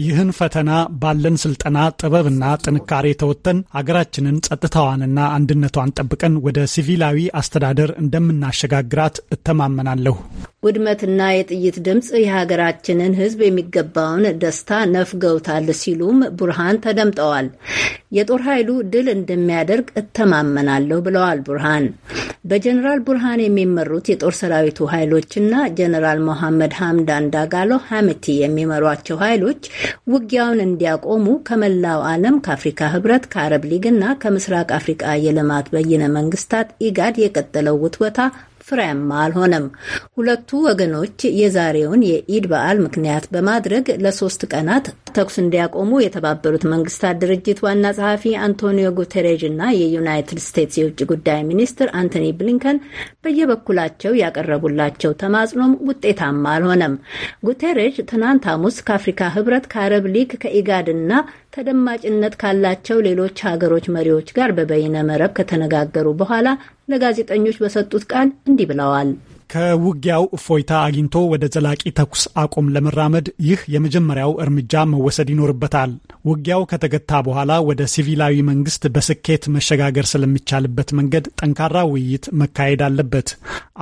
[SPEAKER 9] ይህን ፈተና ባለን ስልጠና ጥበብና ጥንካሬ ተወጥተን አገራችንን ጸጥታዋንና አንድነቷን ጠብቀን ወደ ሲቪላዊ አስተዳደር እንደምናሸጋግራት እተማመናለሁ።
[SPEAKER 8] ውድመትና የጥይት ድምፅ የሀገራችንን ሕዝብ የሚገባውን ደስታ ነፍገውታል ሲሉም ቡርሃን ተደምጠዋል። የጦር ኃይሉ ድል እንደሚያደርግ እተማመናለሁ ብለዋል ቡርሃን። በጀኔራል ቡርሃን የሚመሩት የጦር ሰራዊቱ ኃይሎችና ጀኔራል ሞሐመድ ሀምዳን ዳጋሎ ሀምቲ የሚመሯቸው ኃይሎች ውጊያውን እንዲያቆሙ ከመላው ዓለም ከአፍሪካ ህብረት፣ ከአረብ ሊግና ከምስራቅ አፍሪቃ የልማት በይነ መንግስታት ኢጋድ የቀጠለው ውትወታ ፍሬያማ አልሆነም። ሁለቱ ወገኖች የዛሬውን የኢድ በዓል ምክንያት በማድረግ ለሶስት ቀናት ተኩስ እንዲያቆሙ የተባበሩት መንግስታት ድርጅት ዋና ጸሐፊ አንቶኒዮ ጉተሬዥ እና የዩናይትድ ስቴትስ የውጭ ጉዳይ ሚኒስትር አንቶኒ ብሊንከን በየበኩላቸው ያቀረቡላቸው ተማጽኖም ውጤታማ አልሆነም። ጉተሬዥ ትናንት ሐሙስ ከአፍሪካ ህብረት፣ ከአረብ ሊግ፣ ከኢጋድ እና ተደማጭነት ካላቸው ሌሎች ሀገሮች መሪዎች ጋር በበይነ መረብ ከተነጋገሩ በኋላ ለጋዜጠኞች በሰጡት ቃል እንዲህ ብለዋል። ከውጊያው እፎይታ
[SPEAKER 9] አግኝቶ ወደ ዘላቂ ተኩስ አቁም ለመራመድ ይህ የመጀመሪያው እርምጃ መወሰድ ይኖርበታል። ውጊያው ከተገታ በኋላ ወደ ሲቪላዊ መንግስት በስኬት መሸጋገር ስለሚቻልበት መንገድ ጠንካራ ውይይት መካሄድ አለበት።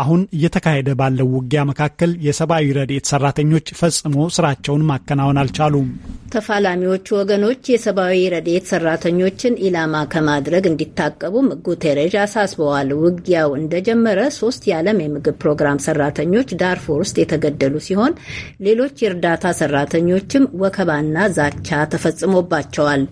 [SPEAKER 9] አሁን እየተካሄደ ባለው ውጊያ መካከል የሰብአዊ ረድኤት ሰራተኞች ፈጽሞ ስራቸውን ማከናወን አልቻሉም።
[SPEAKER 8] ተፋላሚዎቹ ወገኖች የሰብአዊ ረድኤት ሰራተኞችን ኢላማ ከማድረግ እንዲታቀቡም ጉቴሬዥ አሳስበዋል። ውጊያው እንደጀመረ ሶስት የዓለም የምግብ ፕሮግራም ሰራተኞች ዳርፎር ውስጥ የተገደሉ ሲሆን ሌሎች የእርዳታ ሰራተኞችም ወከባና ዛቻ ተፈጽሞባቸዋል።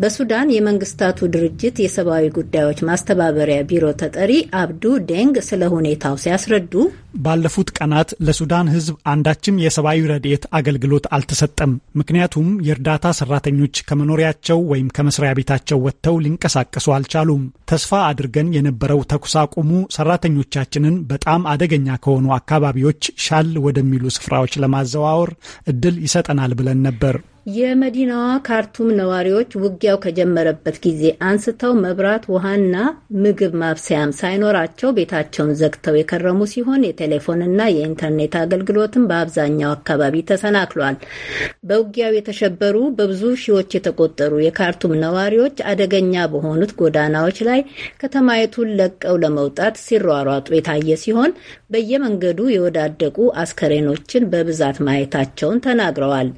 [SPEAKER 8] በሱዳን የመንግስታቱ ድርጅት የሰብአዊ ጉዳዮች ማስተባበሪያ ቢሮ ተጠሪ አብዱ ዴንግ ስለ ሁኔታው ሲያስረዱ ባለፉት ቀናት
[SPEAKER 9] ለሱዳን ሕዝብ አንዳችም የሰብአዊ ረድኤት አገልግሎት አልተሰጠም። ምክንያቱም የእርዳታ ሰራተኞች ከመኖሪያቸው ወይም ከመስሪያ ቤታቸው ወጥተው ሊንቀሳቀሱ አልቻሉም። ተስፋ አድርገን የነበረው ተኩስ አቁሙ ሰራተኞቻችንን በጣም አደገኛ ከሆኑ አካባቢዎች ሻል ወደሚሉ ስፍራዎች ለማዘዋወር እድል ይሰጠናል ብለን ነበር።
[SPEAKER 8] የመዲናዋ ካርቱም ነዋሪዎች ውጊያው ከጀመረበት ጊዜ አንስተው መብራት፣ ውሃና ምግብ ማብሰያም ሳይኖራቸው ቤታቸውን ዘግተው የከረሙ ሲሆን የቴሌፎንና የኢንተርኔት አገልግሎትም በአብዛኛው አካባቢ ተሰናክሏል። በውጊያው የተሸበሩ በብዙ ሺዎች የተቆጠሩ የካርቱም ነዋሪዎች አደገኛ በሆኑት ጎዳናዎች ላይ ከተማይቱን ለቀው ለመውጣት ሲሯሯጡ የታየ ሲሆን በየመንገዱ የወዳደቁ አስከሬኖችን በብዛት ማየታቸውን ተናግረዋል።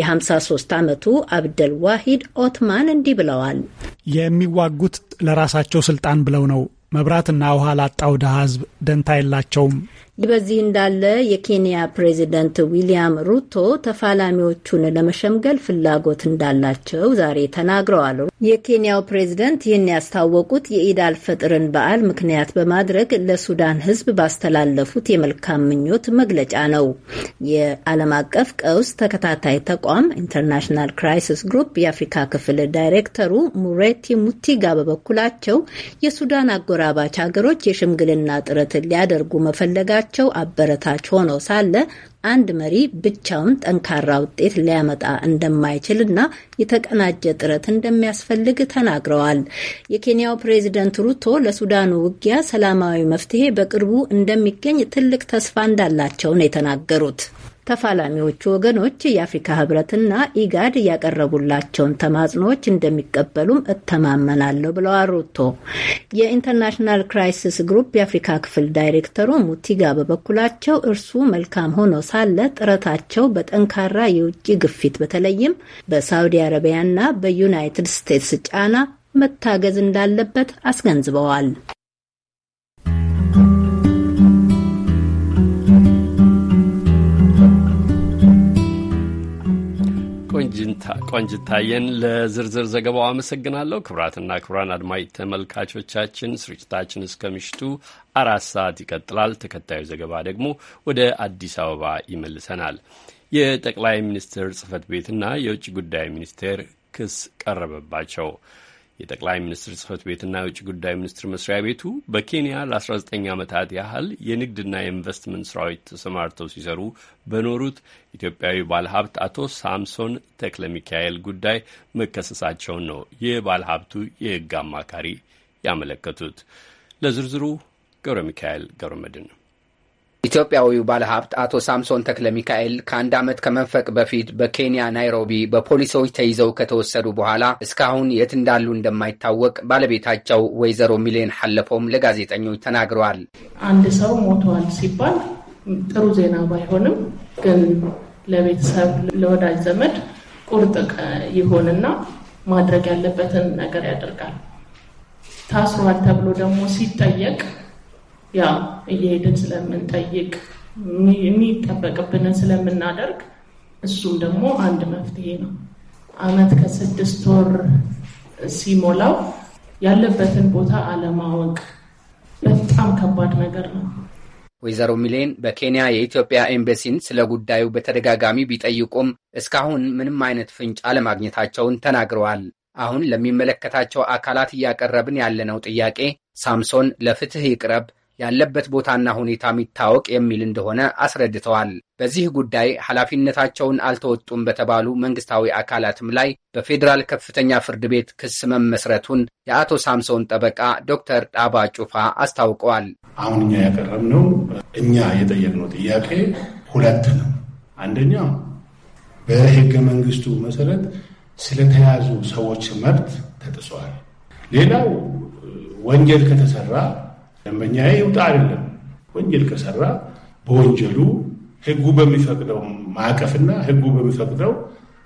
[SPEAKER 8] የ53 የ ዓመቱ አብደል ዋሂድ ኦትማን እንዲህ ብለዋል።
[SPEAKER 9] የሚዋጉት ለራሳቸው ስልጣን ብለው ነው። መብራትና ውሃ ላጣው ድሃ ህዝብ ደንታ የላቸውም።
[SPEAKER 8] በዚህ እንዳለ የኬንያ ፕሬዚደንት ዊሊያም ሩቶ ተፋላሚዎቹን ለመሸምገል ፍላጎት እንዳላቸው ዛሬ ተናግረዋል። የኬንያው ፕሬዚደንት ይህን ያስታወቁት የኢድ አልፈጥርን በዓል ምክንያት በማድረግ ለሱዳን ሕዝብ ባስተላለፉት የመልካም ምኞት መግለጫ ነው። የዓለም አቀፍ ቀውስ ተከታታይ ተቋም ኢንተርናሽናል ክራይሲስ ግሩፕ የአፍሪካ ክፍል ዳይሬክተሩ ሙሬቲ ሙቲጋ በበኩላቸው የሱዳን አጎራባች ሀገሮች የሽምግልና ጥረት ሊያደርጉ መፈለጋ መኖራቸው አበረታች ሆኖ ሳለ አንድ መሪ ብቻውን ጠንካራ ውጤት ሊያመጣ እንደማይችልና የተቀናጀ ጥረት እንደሚያስፈልግ ተናግረዋል። የኬንያው ፕሬዚደንት ሩቶ ለሱዳኑ ውጊያ ሰላማዊ መፍትሄ በቅርቡ እንደሚገኝ ትልቅ ተስፋ እንዳላቸው ነው የተናገሩት። ተፋላሚዎቹ ወገኖች የአፍሪካ ህብረትና ኢጋድ ያቀረቡላቸውን ተማጽኖዎች እንደሚቀበሉም እተማመናለሁ ብለዋል ሩቶ። የኢንተርናሽናል ክራይሲስ ግሩፕ የአፍሪካ ክፍል ዳይሬክተሩ ሙቲጋ በበኩላቸው እርሱ መልካም ሆኖ ሳለ ጥረታቸው በጠንካራ የውጭ ግፊት በተለይም በሳውዲ አረቢያና በዩናይትድ ስቴትስ ጫና መታገዝ እንዳለበት አስገንዝበዋል።
[SPEAKER 1] ቆንጅታየን ለዝርዝር ዘገባው አመሰግናለሁ። ክብራትና ክብራን አድማጭ ተመልካቾቻችን ስርጭታችን እስከ ምሽቱ አራት ሰዓት ይቀጥላል። ተከታዩ ዘገባ ደግሞ ወደ አዲስ አበባ ይመልሰናል። የጠቅላይ ሚኒስትር ጽህፈት ቤትና የውጭ ጉዳይ ሚኒስቴር ክስ ቀረበባቸው። የጠቅላይ ሚኒስትር ጽህፈት ቤትና የውጭ ጉዳይ ሚኒስትር መስሪያ ቤቱ በኬንያ ለ19 ዓመታት ያህል የንግድና የኢንቨስትመንት ስራዎች ተሰማርተው ሲሰሩ በኖሩት ኢትዮጵያዊ ባለሀብት አቶ ሳምሶን ተክለ ሚካኤል ጉዳይ መከሰሳቸውን ነው የባለሀብቱ የህግ አማካሪ ያመለከቱት። ለዝርዝሩ ገብረ ሚካኤል ገብረ መድን ነው።
[SPEAKER 10] ኢትዮጵያዊው ባለሀብት አቶ ሳምሶን ተክለ ሚካኤል ከአንድ ዓመት ከመንፈቅ በፊት በኬንያ ናይሮቢ በፖሊሶች ተይዘው ከተወሰዱ በኋላ እስካሁን የት እንዳሉ እንደማይታወቅ ባለቤታቸው ወይዘሮ ሚሊዮን ሐለፎም ለጋዜጠኞች ተናግረዋል።
[SPEAKER 11] አንድ ሰው ሞተዋል ሲባል ጥሩ ዜና ባይሆንም ግን ለቤተሰብ ለወዳጅ ዘመድ ቁርጥ ይሆንና ማድረግ ያለበትን ነገር ያደርጋል። ታስሯል ተብሎ ደግሞ ሲጠየቅ ያው እየሄድን ስለምንጠይቅ የሚጠበቅብንን ስለምናደርግ እሱም ደግሞ አንድ መፍትሄ ነው። አመት ከስድስት ወር ሲሞላው ያለበትን ቦታ አለማወቅ በጣም ከባድ ነገር ነው።
[SPEAKER 10] ወይዘሮ ሚሌን በኬንያ የኢትዮጵያ ኤምባሲን ስለ ጉዳዩ በተደጋጋሚ ቢጠይቁም እስካሁን ምንም አይነት ፍንጭ አለማግኘታቸውን ተናግረዋል። አሁን ለሚመለከታቸው አካላት እያቀረብን ያለነው ጥያቄ ሳምሶን ለፍትህ ይቅረብ ያለበት ቦታና ሁኔታ የሚታወቅ የሚል እንደሆነ አስረድተዋል። በዚህ ጉዳይ ኃላፊነታቸውን አልተወጡም በተባሉ መንግስታዊ አካላትም ላይ በፌዴራል ከፍተኛ ፍርድ ቤት ክስ መመስረቱን የአቶ ሳምሶን ጠበቃ ዶክተር ጣባ ጩፋ አስታውቀዋል።
[SPEAKER 12] አሁን እኛ ያቀረብነው
[SPEAKER 10] እኛ የጠየቅነው ጥያቄ
[SPEAKER 12] ሁለት ነው። አንደኛ በህገ መንግስቱ መሰረት ስለተያዙ ሰዎች መብት ተጥሷል። ሌላው ወንጀል ከተሰራ ደንበኛ ይውጣ አይደለም። ወንጀል ከሰራ በወንጀሉ ህጉ በሚፈቅደው ማዕቀፍና ህጉ በሚፈቅደው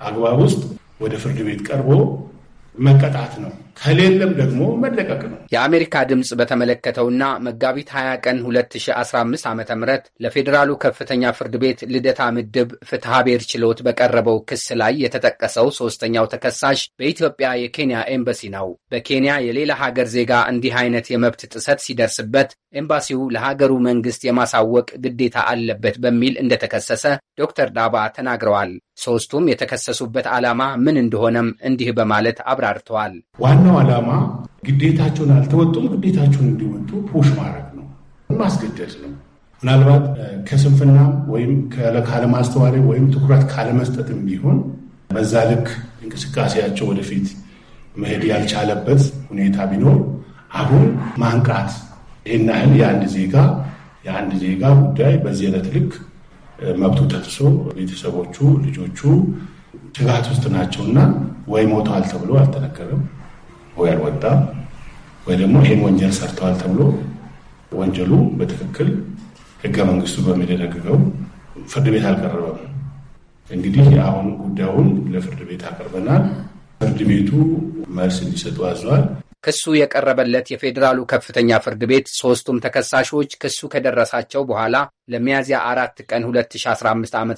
[SPEAKER 12] አግባብ ውስጥ ወደ ፍርድ ቤት ቀርቦ መቀጣት ነው። ከሌለም ደግሞ መለቀቅ ነው።
[SPEAKER 10] የአሜሪካ ድምፅ በተመለከተውና መጋቢት 20 ቀን 2015 ዓ ም ለፌዴራሉ ከፍተኛ ፍርድ ቤት ልደታ ምድብ ፍትሐ ብሔር ችሎት በቀረበው ክስ ላይ የተጠቀሰው ሶስተኛው ተከሳሽ በኢትዮጵያ የኬንያ ኤምባሲ ነው። በኬንያ የሌላ ሀገር ዜጋ እንዲህ አይነት የመብት ጥሰት ሲደርስበት ኤምባሲው ለሀገሩ መንግስት የማሳወቅ ግዴታ አለበት በሚል እንደተከሰሰ ዶክተር ዳባ ተናግረዋል። ሶስቱም የተከሰሱበት ዓላማ ምን እንደሆነም እንዲህ በማለት አብራርተዋል። ዋናው ዓላማ
[SPEAKER 12] ግዴታቸውን አልተወጡም፣ ግዴታቸውን እንዲወጡ ፑሽ ማድረግ ነው፣ ማስገደድ ነው። ምናልባት ከስንፍና ወይም ካለማስተዋሪ ወይም ትኩረት ካለመስጠትም ቢሆን በዛ ልክ እንቅስቃሴያቸው ወደፊት መሄድ ያልቻለበት ሁኔታ ቢኖር አሁን ማንቃት ይህን ያህል የአንድ ዜጋ የአንድ ዜጋ ጉዳይ በዚህ ዕለት ልክ መብቱ ተጥሶ ቤተሰቦቹ ልጆቹ ስጋት ውስጥ ናቸውና ወይ ሞተዋል ተብሎ አልተነገረም ወይ አልወጣም ወይ ደግሞ ይህን ወንጀል ሰርተዋል ተብሎ ወንጀሉ በትክክል ህገ መንግስቱ በሚደነግገው ፍርድ ቤት አልቀረበም። እንግዲህ አሁን ጉዳዩን ለፍርድ ቤት አቅርበናል። ፍርድ ቤቱ መልስ እንዲሰጡ አዟል።
[SPEAKER 10] ክሱ የቀረበለት የፌዴራሉ ከፍተኛ ፍርድ ቤት ሦስቱም ተከሳሾች ክሱ ከደረሳቸው በኋላ ለሚያዝያ አራት ቀን 2015 ዓ ም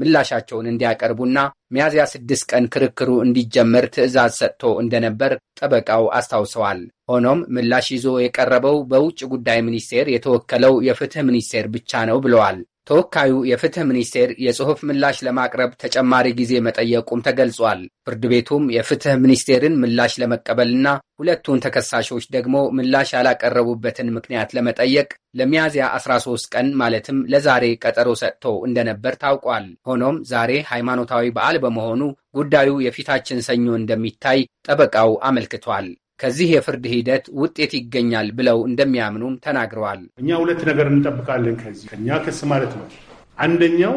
[SPEAKER 10] ምላሻቸውን እንዲያቀርቡና ሚያዝያ ስድስት ቀን ክርክሩ እንዲጀመር ትዕዛዝ ሰጥቶ እንደነበር ጠበቃው አስታውሰዋል። ሆኖም ምላሽ ይዞ የቀረበው በውጭ ጉዳይ ሚኒስቴር የተወከለው የፍትህ ሚኒስቴር ብቻ ነው ብለዋል ተወካዩ የፍትህ ሚኒስቴር የጽሑፍ ምላሽ ለማቅረብ ተጨማሪ ጊዜ መጠየቁም ተገልጿል። ፍርድ ቤቱም የፍትህ ሚኒስቴርን ምላሽ ለመቀበልና ሁለቱን ተከሳሾች ደግሞ ምላሽ ያላቀረቡበትን ምክንያት ለመጠየቅ ለሚያዝያ 13 ቀን ማለትም ለዛሬ ቀጠሮ ሰጥቶ እንደነበር ታውቋል። ሆኖም ዛሬ ሃይማኖታዊ በዓል በመሆኑ ጉዳዩ የፊታችን ሰኞ እንደሚታይ ጠበቃው አመልክቷል። ከዚህ የፍርድ ሂደት ውጤት ይገኛል ብለው እንደሚያምኑም ተናግረዋል።
[SPEAKER 12] እኛ ሁለት ነገር እንጠብቃለን ከዚህ ከእኛ ክስ ማለት ነው። አንደኛው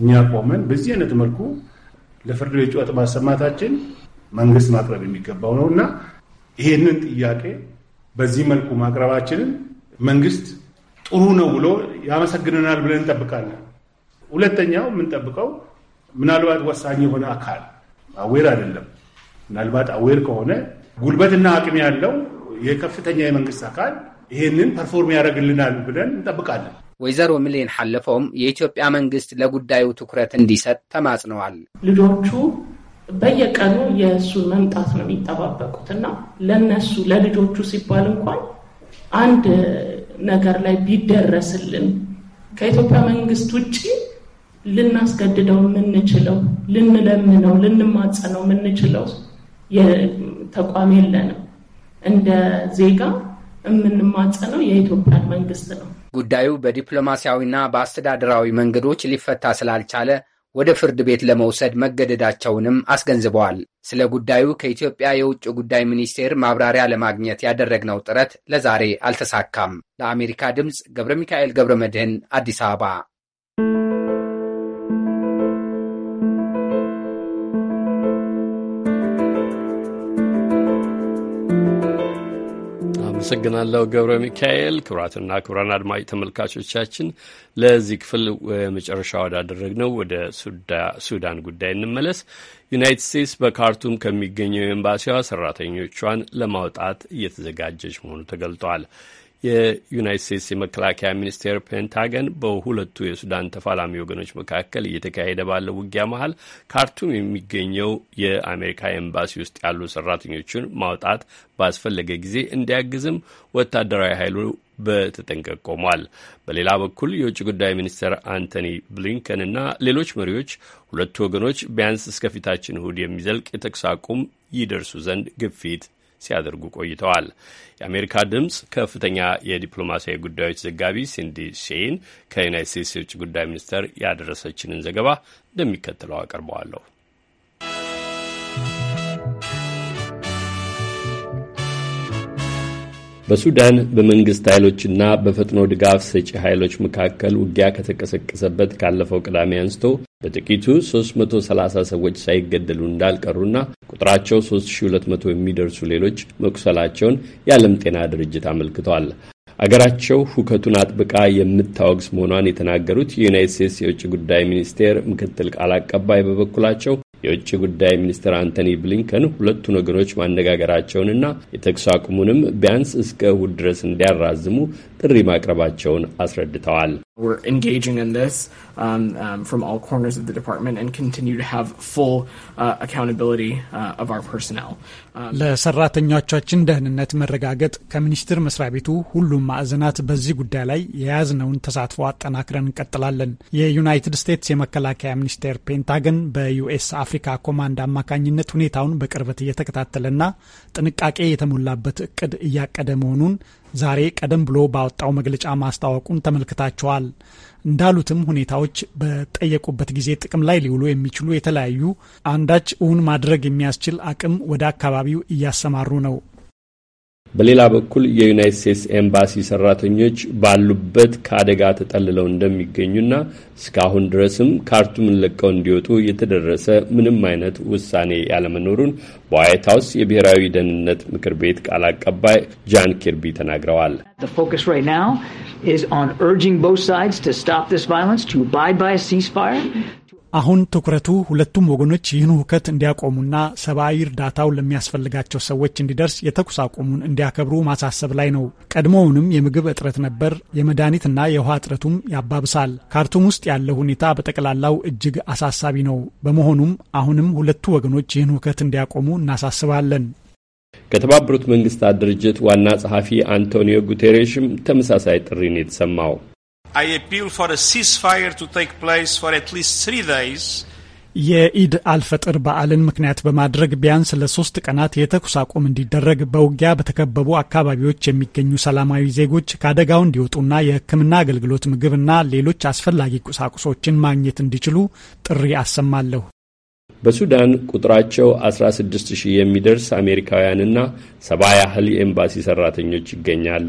[SPEAKER 12] እኛ ቆመን በዚህ አይነት መልኩ ለፍርድ ቤት ጩኸት ማሰማታችን መንግስት ማቅረብ የሚገባው ነው እና ይህንን ጥያቄ በዚህ መልኩ ማቅረባችንን መንግስት ጥሩ ነው ብሎ ያመሰግነናል ብለን እንጠብቃለን። ሁለተኛው የምንጠብቀው ምናልባት ወሳኝ የሆነ አካል አዌር አይደለም፣ ምናልባት አዌር ከሆነ ጉልበትና አቅም ያለው የከፍተኛ የመንግስት
[SPEAKER 10] አካል ይህንን ፐርፎርም ያደርግልናል ብለን እንጠብቃለን። ወይዘሮ ምሌን ሐለፈውም የኢትዮጵያ መንግስት ለጉዳዩ ትኩረት እንዲሰጥ ተማጽነዋል።
[SPEAKER 11] ልጆቹ በየቀኑ የእሱን መምጣት ነው የሚጠባበቁት እና ለነሱ ለልጆቹ ሲባል እንኳን አንድ ነገር ላይ ቢደረስልን ከኢትዮጵያ መንግስት ውጭ ልናስገድደው የምንችለው ልንለምነው፣ ልንማጸነው የምንችለው ተቋም የለንም። እንደ ዜጋ የምንማጸነው የኢትዮጵያን መንግስት ነው።
[SPEAKER 10] ጉዳዩ በዲፕሎማሲያዊና በአስተዳደራዊ መንገዶች ሊፈታ ስላልቻለ ወደ ፍርድ ቤት ለመውሰድ መገደዳቸውንም አስገንዝበዋል። ስለ ጉዳዩ ከኢትዮጵያ የውጭ ጉዳይ ሚኒስቴር ማብራሪያ ለማግኘት ያደረግነው ጥረት ለዛሬ አልተሳካም። ለአሜሪካ ድምፅ ገብረ ሚካኤል ገብረ መድህን አዲስ አበባ
[SPEAKER 1] አመሰግናለሁ ገብረ ሚካኤል። ክቡራትና ክቡራን አድማጭ ተመልካቾቻችን ለዚህ ክፍል መጨረሻ ወዳደረግነው ወደ ሱዳን ጉዳይ እንመለስ። ዩናይትድ ስቴትስ በካርቱም ከሚገኘው ኤምባሲዋ ሰራተኞቿን ለማውጣት እየተዘጋጀች መሆኑ ተገልጧል። የዩናይት ስቴትስ የመከላከያ ሚኒስቴር ፔንታገን በሁለቱ የሱዳን ተፋላሚ ወገኖች መካከል እየተካሄደ ባለው ውጊያ መሀል ካርቱም የሚገኘው የአሜሪካ ኤምባሲ ውስጥ ያሉ ሰራተኞቹን ማውጣት ባስፈለገ ጊዜ እንዲያግዝም ወታደራዊ ኃይሉ በተጠንቀቅ ቆሟል። በሌላ በኩል የውጭ ጉዳይ ሚኒስትር አንቶኒ ብሊንከንና ሌሎች መሪዎች ሁለቱ ወገኖች ቢያንስ እስከፊታችን እሁድ የሚዘልቅ የተኩስ አቁም ይደርሱ ዘንድ ግፊት ሲያደርጉ ቆይተዋል። የአሜሪካ ድምፅ ከፍተኛ የዲፕሎማሲያዊ ጉዳዮች ዘጋቢ ሲንዲ ሼን ከዩናይት ስቴትስ የውጭ ጉዳይ ሚኒስቴር ያደረሰችንን ዘገባ እንደሚከተለው አቀርበዋለሁ። በሱዳን በመንግስት ኃይሎችና በፈጥኖ ድጋፍ ሰጪ ኃይሎች መካከል ውጊያ ከተቀሰቀሰበት ካለፈው ቅዳሜ አንስቶ በጥቂቱ 330 ሰዎች ሳይገደሉ እንዳልቀሩና ቁጥራቸው 3200 የሚደርሱ ሌሎች መቁሰላቸውን የዓለም ጤና ድርጅት አመልክቷል። አገራቸው ሁከቱን አጥብቃ የምታወግስ መሆኗን የተናገሩት የዩናይት ስቴትስ የውጭ ጉዳይ ሚኒስቴር ምክትል ቃል አቀባይ በበኩላቸው የውጭ ጉዳይ ሚኒስትር አንቶኒ ብሊንከን ሁለቱን ወገኖች ማነጋገራቸውንና የተኩስ አቁሙንም ቢያንስ እስከ እሁድ ድረስ እንዲያራዝሙ ጥሪ ማቅረባቸውን አስረድተዋል። We're engaging in this
[SPEAKER 13] um, um, from all corners of the department and continue to have full uh, accountability uh, of our personnel. Um,
[SPEAKER 9] ለሰራተኞቻችን ደህንነት መረጋገጥ ከሚኒስቴር መስሪያ ቤቱ ሁሉም ማዕዘናት በዚህ ጉዳይ ላይ የያዝነውን ተሳትፎ አጠናክረን እንቀጥላለን። የዩናይትድ ስቴትስ የመከላከያ ሚኒስቴር ፔንታገን በዩኤስ አፍሪካ ኮማንድ አማካኝነት ሁኔታውን በቅርበት እየተከታተለና ጥንቃቄ የተሞላበት እቅድ እያቀደ መሆኑን ዛሬ ቀደም ብሎ ባወጣው መግለጫ ማስታወቁን ተመልክታቸዋል። እንዳሉትም ሁኔታዎች በጠየቁበት ጊዜ ጥቅም ላይ ሊውሉ የሚችሉ የተለያዩ አንዳች እውን ማድረግ የሚያስችል አቅም ወደ አካባቢው እያሰማሩ ነው።
[SPEAKER 1] በሌላ በኩል የዩናይት ስቴትስ ኤምባሲ ሰራተኞች ባሉበት ከአደጋ ተጠልለው እንደሚገኙና እስካሁን ድረስም ካርቱምን ለቀው እንዲወጡ የተደረሰ ምንም አይነት ውሳኔ ያለመኖሩን በዋይት ሀውስ የብሔራዊ ደህንነት ምክር ቤት ቃል አቀባይ ጃን ኪርቢ ተናግረዋል።
[SPEAKER 9] አሁን ትኩረቱ ሁለቱም ወገኖች ይህን ሁከት እንዲያቆሙና ሰብአዊ እርዳታው ለሚያስፈልጋቸው ሰዎች እንዲደርስ የተኩስ አቁሙን እንዲያከብሩ ማሳሰብ ላይ ነው። ቀድሞውንም የምግብ እጥረት ነበር። የመድኃኒትና የውሃ እጥረቱም ያባብሳል። ካርቱም ውስጥ ያለው ሁኔታ በጠቅላላው እጅግ አሳሳቢ ነው። በመሆኑም አሁንም ሁለቱ ወገኖች ይህን ሁከት እንዲያቆሙ እናሳስባለን።
[SPEAKER 1] ከተባበሩት መንግስታት ድርጅት ዋና ጸሐፊ አንቶኒዮ ጉቴሬሽም ተመሳሳይ ጥሪን የተሰማው።
[SPEAKER 9] የኢድ አልፈጥር በዓልን ምክንያት በማድረግ ቢያንስ ለሶስት ቀናት የተኩስ አቁም እንዲደረግ በውጊያ በተከበቡ አካባቢዎች የሚገኙ ሰላማዊ ዜጎች ከአደጋው እንዲወጡና የሕክምና አገልግሎት፣ ምግብና ሌሎች አስፈላጊ ቁሳቁሶችን ማግኘት እንዲችሉ ጥሪ አሰማለሁ።
[SPEAKER 1] በሱዳን ቁጥራቸው 16 የሚደርስ አሜሪካውያንና ሰባ ያህል የኤምባሲ ሰራተኞች ይገኛሉ።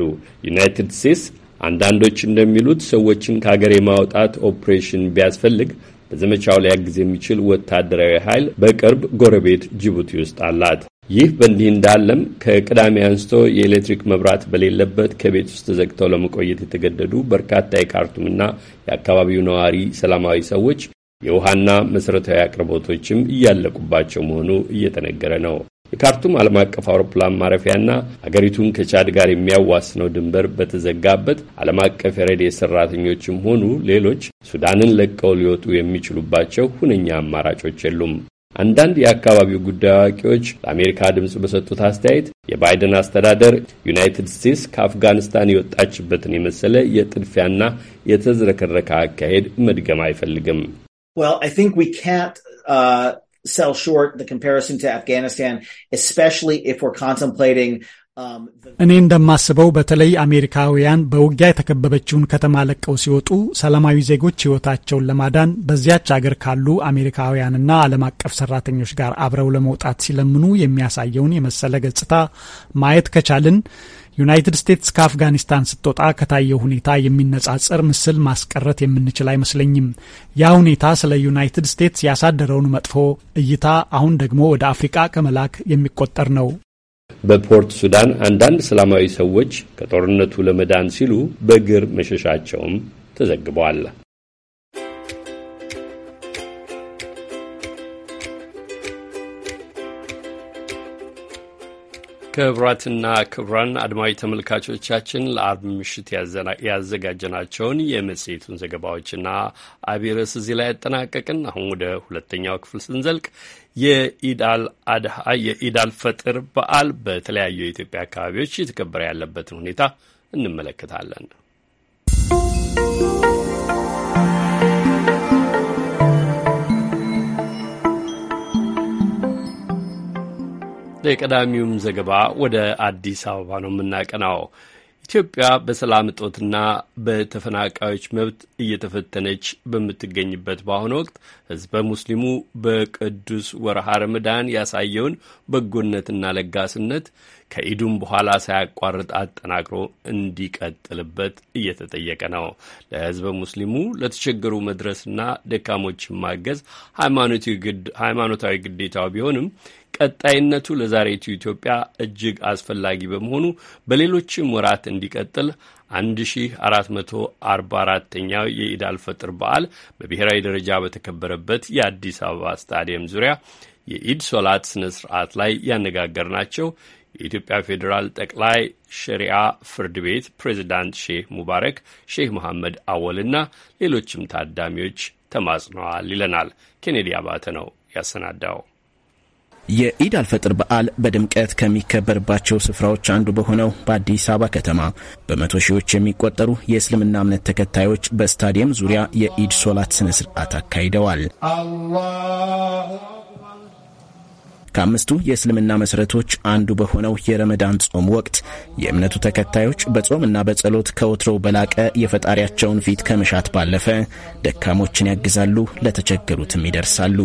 [SPEAKER 1] ዩናይትድ ስቴትስ አንዳንዶች እንደሚሉት ሰዎችን ከሀገር የማውጣት ኦፕሬሽን ቢያስፈልግ በዘመቻው ሊያግዝ የሚችል ወታደራዊ ኃይል በቅርብ ጎረቤት ጅቡቲ ውስጥ አላት። ይህ በእንዲህ እንዳለም ከቅዳሜ አንስቶ የኤሌክትሪክ መብራት በሌለበት ከቤት ውስጥ ተዘግተው ለመቆየት የተገደዱ በርካታ የካርቱምና የአካባቢው ነዋሪ ሰላማዊ ሰዎች የውሃና መሠረታዊ አቅርቦቶችም እያለቁባቸው መሆኑ እየተነገረ ነው። የካርቱም ዓለም አቀፍ አውሮፕላን ማረፊያና አገሪቱን ከቻድ ጋር የሚያዋስነው ድንበር በተዘጋበት ዓለም አቀፍ የረድኤት ሰራተኞችም ሆኑ ሌሎች ሱዳንን ለቀው ሊወጡ የሚችሉባቸው ሁነኛ አማራጮች የሉም። አንዳንድ የአካባቢው ጉዳይ አዋቂዎች ለአሜሪካ ድምፅ በሰጡት አስተያየት የባይደን አስተዳደር ዩናይትድ ስቴትስ ከአፍጋኒስታን የወጣችበትን የመሰለ የጥድፊያና የተዝረከረከ አካሄድ መድገም
[SPEAKER 9] አይፈልግም።
[SPEAKER 13] uh, sell short the comparison to Afghanistan, especially if we're contemplating um,
[SPEAKER 9] እኔ እንደማስበው በተለይ አሜሪካውያን በውጊያ የተከበበችውን ከተማ ለቀው ሲወጡ ሰላማዊ ዜጎች ሕይወታቸውን ለማዳን በዚያች አገር ካሉ አሜሪካውያንና ዓለም አቀፍ ሰራተኞች ጋር አብረው ለመውጣት ሲለምኑ የሚያሳየውን የመሰለ ገጽታ ማየት ከቻልን ዩናይትድ ስቴትስ ከአፍጋኒስታን ስትወጣ ከታየው ሁኔታ የሚነጻጸር ምስል ማስቀረት የምንችል አይመስለኝም። ያ ሁኔታ ስለ ዩናይትድ ስቴትስ ያሳደረውን መጥፎ እይታ አሁን ደግሞ ወደ አፍሪቃ ከመላክ የሚቆጠር ነው።
[SPEAKER 1] በፖርት ሱዳን አንዳንድ ሰላማዊ ሰዎች ከጦርነቱ ለመዳን ሲሉ በእግር መሸሻቸውም ተዘግበዋል። ክቡራትና ክቡራን አድማዊ ተመልካቾቻችን ለአርብ ምሽት ያዘጋጀናቸውን የመጽሔቱን ዘገባዎችና አብይ ርዕስ እዚህ ላይ ያጠናቀቅን። አሁን ወደ ሁለተኛው ክፍል ስንዘልቅ የኢዳል አድሃ የኢዳል ፈጥር በዓል በተለያዩ የኢትዮጵያ አካባቢዎች የተከበረ ያለበትን ሁኔታ እንመለከታለን። ለቀዳሚውም ዘገባ ወደ አዲስ አበባ ነው የምናቀናው። ኢትዮጵያ በሰላም እጦትና በተፈናቃዮች መብት እየተፈተነች በምትገኝበት በአሁኑ ወቅት ሕዝበ ሙስሊሙ በቅዱስ ወርሃ ረመዳን ያሳየውን በጎነትና ለጋስነት ከኢዱም በኋላ ሳያቋርጥ አጠናክሮ እንዲቀጥልበት እየተጠየቀ ነው። ለሕዝበ ሙስሊሙ ለተቸገሩ መድረስና ደካሞችን ማገዝ ሃይማኖታዊ ግዴታው ቢሆንም ቀጣይነቱ ለዛሬቱ ኢትዮጵያ እጅግ አስፈላጊ በመሆኑ በሌሎችም ወራት እንዲቀጥል 1444ኛው የኢድ አልፈጥር በዓል በብሔራዊ ደረጃ በተከበረበት የአዲስ አበባ ስታዲየም ዙሪያ የኢድ ሶላት ስነ ስርዓት ላይ ናቸው። የኢትዮጵያ ፌዴራል ጠቅላይ ሸሪዓ ፍርድ ቤት ፕሬዚዳንት ሼህ ሙባረክ ሼህ መሐመድ አወልና ሌሎችም ታዳሚዎች ተማጽነዋል ይለናል። ኬኔዲ አባተ ነው ያሰናዳው። የኢድ
[SPEAKER 13] አልፈጥር በዓል በድምቀት ከሚከበርባቸው ስፍራዎች አንዱ በሆነው በአዲስ አበባ ከተማ በመቶ ሺዎች የሚቆጠሩ የእስልምና እምነት ተከታዮች በስታዲየም ዙሪያ የኢድ ሶላት ስነ ስርዓት አካሂደዋል። ከአምስቱ የእስልምና መሰረቶች አንዱ በሆነው የረመዳን ጾም ወቅት የእምነቱ ተከታዮች በጾምና በጸሎት ከወትሮው በላቀ የፈጣሪያቸውን ፊት ከመሻት ባለፈ ደካሞችን ያግዛሉ፣ ለተቸገሩትም ይደርሳሉ።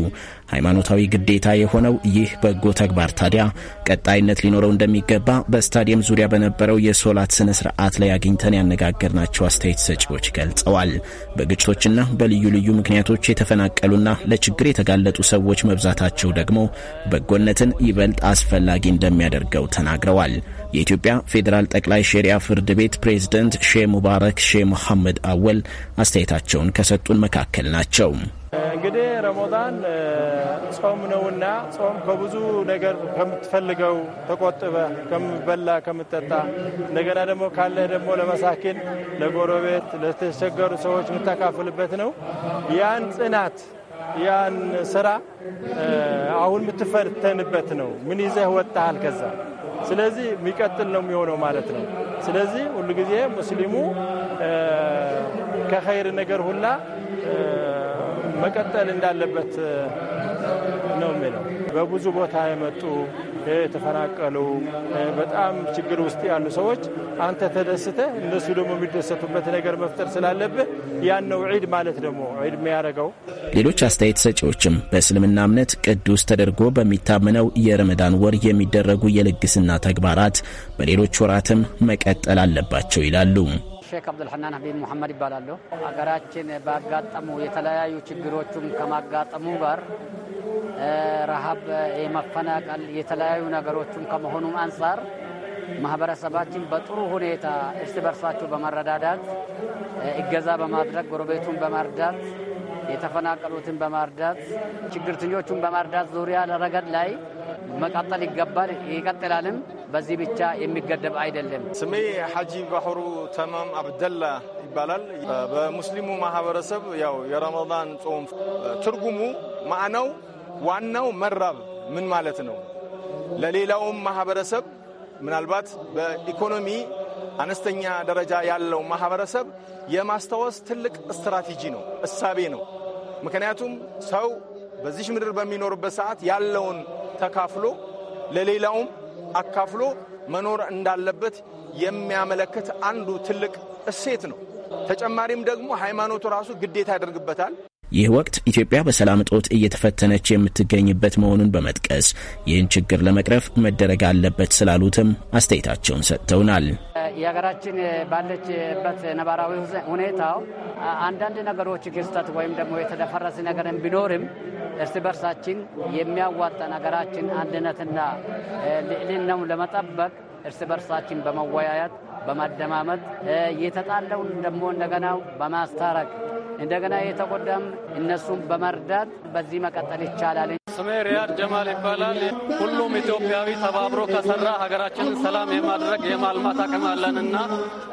[SPEAKER 13] ሃይማኖታዊ ግዴታ የሆነው ይህ በጎ ተግባር ታዲያ ቀጣይነት ሊኖረው እንደሚገባ በስታዲየም ዙሪያ በነበረው የሶላት ስነ ስርዓት ላይ አግኝተን ያነጋገርናቸው አስተያየት ሰጪዎች ገልጸዋል። በግጭቶችና በልዩ ልዩ ምክንያቶች የተፈናቀሉና ለችግር የተጋለጡ ሰዎች መብዛታቸው ደግሞ በጎነትን ይበልጥ አስፈላጊ እንደሚያደርገው ተናግረዋል። የኢትዮጵያ ፌዴራል ጠቅላይ ሼሪያ ፍርድ ቤት ፕሬዝደንት ሼህ ሙባረክ ሼህ መሐመድ አወል አስተያየታቸውን ከሰጡን መካከል ናቸው።
[SPEAKER 14] እንግዲህ ረመዳን ጾም ነውና ጾም ከብዙ ነገር ከምትፈልገው ተቆጥበ ከምበላ ከምጠጣ እንደገና ደግሞ ካለ ደግሞ ለመሳኪን ለጎረቤት፣ ለተቸገሩ ሰዎች የምታካፍልበት ነው። ያን ጽናት ያን ስራ አሁን የምትፈተንበት ነው። ምን ይዘህ ወጣሃል ከዛ ስለዚህ የሚቀጥል ነው የሚሆነው ማለት ነው። ስለዚህ ሁሉ ጊዜ ሙስሊሙ ከኸይር ነገር ሁላ መቀጠል እንዳለበት ነው የሚለው። በብዙ ቦታ የመጡ የተፈናቀሉ በጣም ችግር ውስጥ ያሉ ሰዎች አንተ ተደስተ እነሱ ደግሞ የሚደሰቱበት ነገር መፍጠር ስላለብህ ያን ነው ዒድ ማለት ደግሞ ዒድ የሚያደርገው። ሌሎች
[SPEAKER 13] አስተያየት ሰጪዎችም በእስልምና እምነት ቅዱስ ተደርጎ በሚታመነው የረመዳን ወር የሚደረጉ የልግስና ተግባራት በሌሎች ወራትም መቀጠል አለባቸው ይላሉ።
[SPEAKER 15] ሼክ አብዱልሐናን ሀቢብ ሙሐመድ ይባላለሁ። ሀገራችን ባጋጠሙ የተለያዩ ችግሮቹም ከማጋጠሙ ጋር ረሃብ፣ የመፈናቀል የተለያዩ ነገሮቹም ከመሆኑም አንጻር ማህበረሰባችን በጥሩ ሁኔታ እርስ በርሳቸው በመረዳዳት እገዛ በማድረግ ጎረቤቱን በመርዳት የተፈናቀሉትን በማርዳት ችግርተኞቹን በማርዳት ዙሪያ ረገድ ላይ መቀጠል ይገባል፣ ይቀጥላልም። በዚህ ብቻ የሚገደብ አይደለም። ስሜ ሐጂ
[SPEAKER 14] ባህሩ ተማም አብደላ ይባላል። በሙስሊሙ ማህበረሰብ ያው የረመዳን ጾም ትርጉሙ ማዕናው ዋናው መራብ ምን ማለት ነው? ለሌላውም ማህበረሰብ ምናልባት በኢኮኖሚ አነስተኛ ደረጃ ያለው ማህበረሰብ የማስታወስ ትልቅ ስትራቴጂ ነው፣ እሳቤ ነው። ምክንያቱም ሰው በዚህ ምድር በሚኖርበት ሰዓት ያለውን ተካፍሎ ለሌላውም አካፍሎ መኖር እንዳለበት የሚያመለክት አንዱ ትልቅ እሴት ነው። ተጨማሪም ደግሞ ሃይማኖቱ ራሱ ግዴታ ያደርግበታል።
[SPEAKER 13] ይህ ወቅት ኢትዮጵያ በሰላም እጦት እየተፈተነች የምትገኝበት መሆኑን በመጥቀስ ይህን ችግር ለመቅረፍ መደረግ አለበት ስላሉትም አስተያየታቸውን ሰጥተውናል።
[SPEAKER 15] የሀገራችን ባለችበት ነባራዊ ሁኔታው አንዳንድ ነገሮች ክስተት ወይም ደግሞ የተደፈረስ ነገርን ቢኖርም እርስ በርሳችን የሚያዋጣን ሀገራችን አንድነትና ልዕልናው ለመጠበቅ እርስ በርሳችን በመወያየት በማደማመጥ የተጣለውን ደግሞ እንደገና በማስታረቅ እንደገና የተጎዳም እነሱን በመርዳት በዚህ መቀጠል ይቻላል። ስሜ ሪያድ
[SPEAKER 6] ጀማል ይባላል። ሁሉም ኢትዮጵያዊ ተባብሮ ከሰራ ሀገራችንን ሰላም የማድረግ የማልማት አቅም አለንና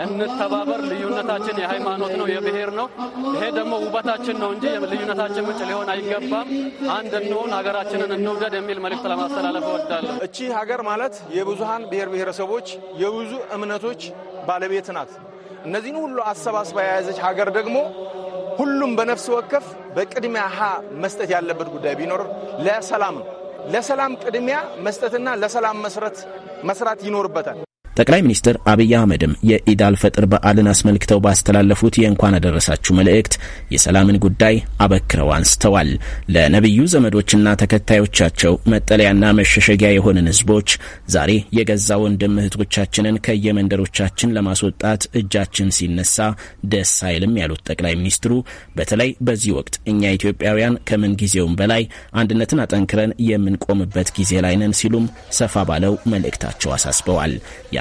[SPEAKER 6] እንተባበር። ልዩነታችን የሃይማኖት ነው፣ የብሔር ነው። ይሄ ደግሞ ውበታችን ነው እንጂ ልዩነታችን ውጭ ሊሆን አይገባም። አንድ እንሆን፣ ሀገራችንን እንውደድ የሚል መልእክት ለማስተላለፍ እወዳለሁ።
[SPEAKER 14] እቺ ሀገር ማለት የብዙሀን ብሔር ብሔረሰቦች፣ የብዙ እምነቶች ባለቤት ናት። እነዚህን ሁሉ አሰባስባ የያዘች ሀገር ደግሞ ሁሉም በነፍስ ወከፍ በቅድሚያ ሀ መስጠት ያለበት ጉዳይ ቢኖር ለሰላም ነው። ለሰላም ቅድሚያ መስጠትና ለሰላም መስራት ይኖርበታል።
[SPEAKER 13] ጠቅላይ ሚኒስትር አብይ አህመድም የኢድ አልፈጥር በዓልን አስመልክተው ባስተላለፉት የእንኳን አደረሳችሁ መልእክት የሰላምን ጉዳይ አበክረው አንስተዋል። ለነቢዩ ዘመዶችና ተከታዮቻቸው መጠለያና መሸሸጊያ የሆንን ህዝቦች ዛሬ የገዛ ወንድም እህቶቻችንን ከየመንደሮቻችን ለማስወጣት እጃችን ሲነሳ ደስ አይልም ያሉት ጠቅላይ ሚኒስትሩ በተለይ በዚህ ወቅት እኛ ኢትዮጵያውያን ከምን ጊዜውም በላይ አንድነትን አጠንክረን የምንቆምበት ጊዜ ላይ ነን ሲሉም ሰፋ ባለው መልእክታቸው አሳስበዋል።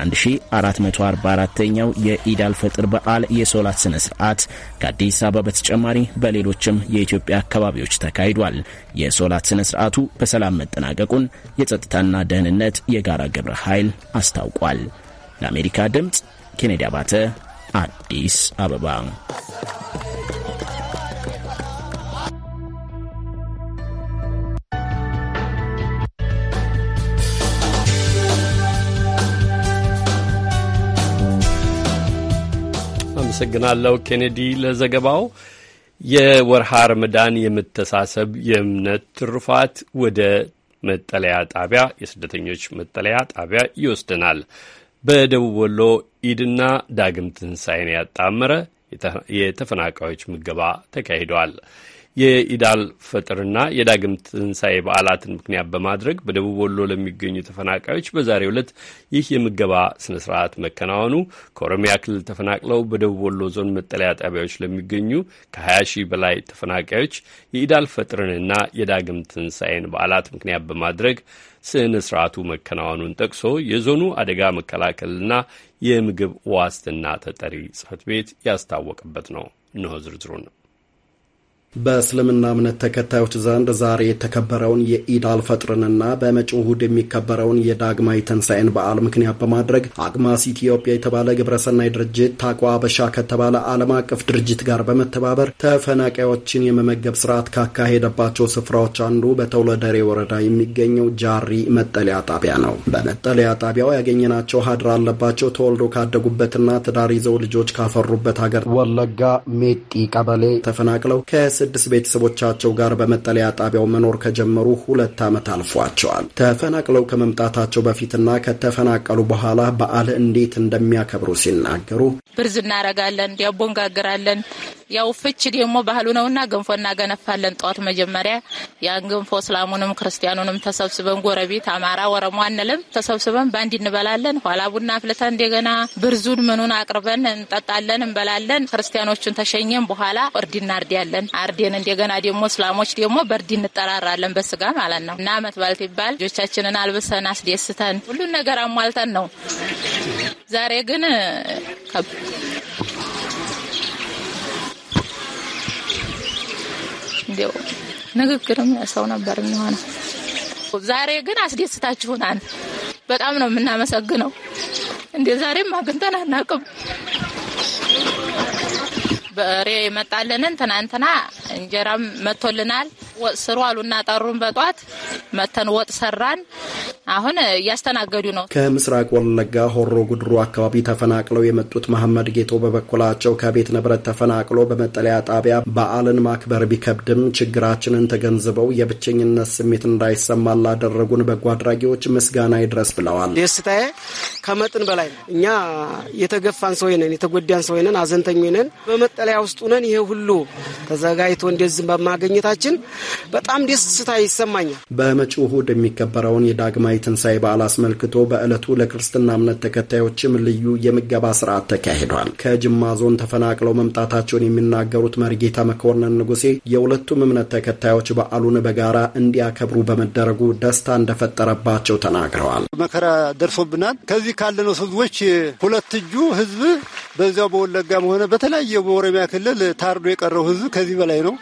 [SPEAKER 13] 1444 ኛው የኢዳል ፍጥር በዓል የሶላት ስነ ስርዓት ከአዲስ አበባ በተጨማሪ በሌሎችም የኢትዮጵያ አካባቢዎች ተካሂዷል። የሶላት ስነ ስርዓቱ በሰላም መጠናቀቁን የጸጥታና ደህንነት የጋራ ግብረ ኃይል አስታውቋል። ለአሜሪካ ድምፅ ኬኔዲ አባተ አዲስ አበባ
[SPEAKER 1] አመሰግናለሁ ኬኔዲ ለዘገባው። የወርሃ ረመዳን የመተሳሰብ የእምነት ትሩፋት ወደ መጠለያ ጣቢያ የስደተኞች መጠለያ ጣቢያ ይወስደናል። በደቡብ ወሎ ኢድና ዳግም ትንሣኤን ያጣመረ የተፈናቃዮች ምገባ ተካሂደዋል። የኢዳል ፈጥርና የዳግም ትንሣኤ በዓላትን ምክንያት በማድረግ በደቡብ ወሎ ለሚገኙ ተፈናቃዮች በዛሬው ዕለት ይህ የምገባ ስነ ስርዓት መከናወኑ ከኦሮሚያ ክልል ተፈናቅለው በደቡብ ወሎ ዞን መጠለያ ጣቢያዎች ለሚገኙ ከ20 ሺህ በላይ ተፈናቃዮች የኢዳል ፈጥርንና የዳግም ትንሣኤን በዓላት ምክንያት በማድረግ ስነ ስርዓቱ መከናወኑን ጠቅሶ የዞኑ አደጋ መከላከልና የምግብ ዋስትና ተጠሪ ጽፈት ቤት ያስታወቀበት ነው። እነሆ ዝርዝሩን ነው።
[SPEAKER 16] በእስልምና እምነት ተከታዮች ዘንድ ዛሬ የተከበረውን የኢድ አልፈጥርንና በመጪው እሁድ የሚከበረውን የዳግማዊ ትንሣኤን በዓል ምክንያት በማድረግ አግማስ ኢትዮጵያ የተባለ ግብረሰናይ ድርጅት ታቋ አበሻ ከተባለ ዓለም አቀፍ ድርጅት ጋር በመተባበር ተፈናቃዮችን የመመገብ ስርዓት ካካሄደባቸው ስፍራዎች አንዱ በተውለደሬ ወረዳ የሚገኘው ጃሪ መጠለያ ጣቢያ ነው። በመጠለያ ጣቢያው ያገኘናቸው ሀድር አለባቸው ተወልዶ ካደጉበትና ትዳር ይዘው ልጆች ካፈሩበት ሀገር ወለጋ ሜጢ ቀበሌ ተፈናቅለው ከ ከስድስት ቤተሰቦቻቸው ጋር በመጠለያ ጣቢያው መኖር ከጀመሩ ሁለት ዓመት አልፏቸዋል። ተፈናቅለው ከመምጣታቸው በፊትና ከተፈናቀሉ በኋላ በዓል እንዴት እንደሚያከብሩ ሲናገሩ
[SPEAKER 17] ብርዝ እናረጋለን፣ ዳቦ እንጋግራለን፣ ያው ፍች ደግሞ ባህሉ ነውና ገንፎ እናገነፋለን። ጠዋት መጀመሪያ ያን ገንፎ እስላሙንም ክርስቲያኑንም ተሰብስበን ጎረቤት አማራ ወረሞ አንልም ተሰብስበን በአንድ እንበላለን። ኋላ ቡና አፍልተን እንደገና ብርዙን ምኑን አቅርበን እንጠጣለን፣ እንበላለን። ክርስቲያኖቹን ተሸኘን በኋላ እርድ እናርዳለን። አርዴን እንደገና ደግሞ እስላሞች ደግሞ በእርድ እንጠራራለን በስጋ ማለት ነው እና አመት ባልት ይባል ልጆቻችንን አልብሰን አስደስተን ሁሉን ነገር አሟልተን ነው ዛሬ ግን እንዲያው ንግግርም ሰው ነበር የሚሆነው። ዛሬ ግን አስደስታችሁናል። በጣም ነው የምናመሰግነው። እንደ ዛሬም አግኝተን አናውቅም። በሬ መጣልንን ትናንትና እንጀራም መጥቶልናል። ወጥ ስሩ አሉና ጠሩን። በጧት መተን ወጥ ሰራን። አሁን እያስተናገዱ ነው።
[SPEAKER 16] ከምስራቅ ወለጋ ሆሮ ጉድሩ አካባቢ ተፈናቅለው የመጡት መሐመድ ጌቶ በበኩላቸው ከቤት ንብረት ተፈናቅሎ በመጠለያ ጣቢያ በዓልን ማክበር ቢከብድም ችግራችንን ተገንዝበው የብቸኝነት ስሜት እንዳይሰማ ላደረጉን በጎ አድራጊዎች ምስጋና ይድረስ ብለዋል። ደስታዬ ከመጠን በላይ ነው። እኛ የተገፋን ሰው ነን፣ የተጎዳን ሰው ነን፣ አዘንተኞች ነን። በመጠለያ ውስጥ ነን። ይሄ ሁሉ ተዘጋጅቶ እንደዚህ በማገኘታችን በጣም ደስታ ይሰማኛል። በመጪው እሁድ የሚከበረውን የዳግማዊ ትንሣኤ በዓል አስመልክቶ በዕለቱ ለክርስትና እምነት ተከታዮችም ልዩ የምገባ ስርዓት ተካሂዷል። ከጅማ ዞን ተፈናቅለው መምጣታቸውን የሚናገሩት መርጌታ መኮንን ንጉሴ የሁለቱም እምነት ተከታዮች በዓሉን በጋራ እንዲያከብሩ በመደረጉ ደስታ እንደፈጠረባቸው ተናግረዋል። መከራ ደርሶብናል። ከዚህ ካለነው ህዝቦች ሁለት እጁ ህዝብ በዚያው በወለጋም ሆነ በተለያየ በኦሮሚያ ክልል ታርዶ የቀረው ህዝብ ከዚህ በላይ ነው።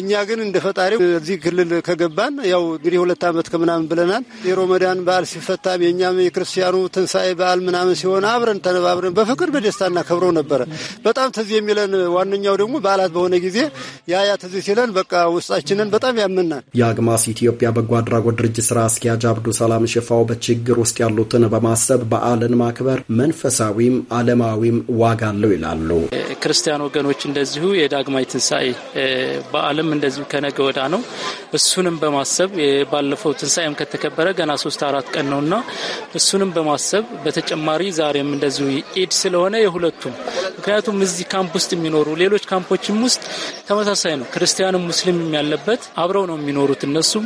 [SPEAKER 16] እኛ ግን እንደ ፈጣሪ እዚህ ክልል ከገባን ያው እንግዲህ ሁለት ዓመት ከምናምን ብለናል። የሮመዳን በዓል ሲፈታም የእኛም የክርስቲያኑ ትንሣኤ በዓል ምናምን ሲሆን አብረን ተነባብረን በፍቅር በደስታ እናከብረው ነበረ። በጣም ትዝ የሚለን ዋነኛው ደግሞ በዓላት በሆነ ጊዜ ያ ትዝ ሲለን በቃ ውስጣችንን በጣም ያምናል የአግማስ ኢትዮጵያ በጎ አድራጎት ድርጅት ስራ አስኪያጅ አብዱ ሰላም ሽፋው በችግር ውስጥ ያሉትን በማሰብ በዓልን ማክበር መንፈሳዊም ዓለማዊም ዋጋ አለው ይላሉ።
[SPEAKER 5] ክርስቲያን ወገኖች እንደዚሁ የዳግማዊ ትንሣኤ በዓልም እንደዚሁ ከነገ ወደ ነው። እሱንም በማሰብ ባለፈው ትንሳኤም ከተከበረ ገና ሶስት አራት ቀን ነውና እሱንም በማሰብ በተጨማሪ ዛሬም እንደዚሁ ኢድ ስለሆነ የሁለቱም ምክንያቱም እዚህ ካምፕ ውስጥ የሚኖሩ ሌሎች ካምፖችም ውስጥ ተመሳሳይ ነው። ክርስቲያንም ሙስሊምም ያለበት አብረው ነው የሚኖሩት። እነሱም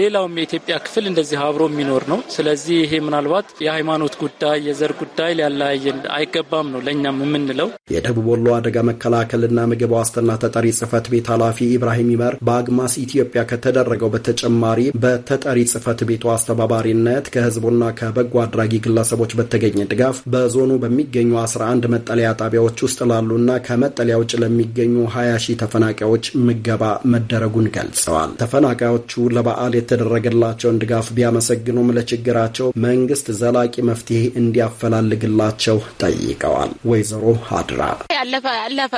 [SPEAKER 5] ሌላውም የኢትዮጵያ ክፍል እንደዚህ አብሮ የሚኖር ነው። ስለዚህ ይሄ ምናልባት የሃይማኖት ጉዳይ የዘር ጉዳይ ሊያለያየን አይገባም ነው ለእኛም የምንለው።
[SPEAKER 16] የደቡብ ወሎ አደጋ መከላከልና ምግብ ዋስትና ተጠሪ ጽህፈት ቤት ኃላፊ ኢብራሂም ይመር በአግማስ ኢትዮጵያ ከተደረገው በተጨማሪ በተጠሪ ጽህፈት ቤቱ አስተባባሪነት ከህዝቡና ከበጎ አድራጊ ግለሰቦች በተገኘ ድጋፍ በዞኑ በሚገኙ 11 መጠለያ ጣቢያዎች ውስጥ ላሉና ከመጠለያ ውጭ ለሚገኙ 20 ሺህ ተፈናቃዮች ምገባ መደረጉን ገልጸዋል። ተፈናቃዮቹ ለበዓል የተደረገላቸውን ድጋፍ ቢያመሰግኑም ለችግራቸው መንግስት ዘላቂ መፍትሄ እንዲያፈላልግላቸው ጠይቀዋል። ወይዘሮ አድራ
[SPEAKER 17] ያለፈ ያለፈ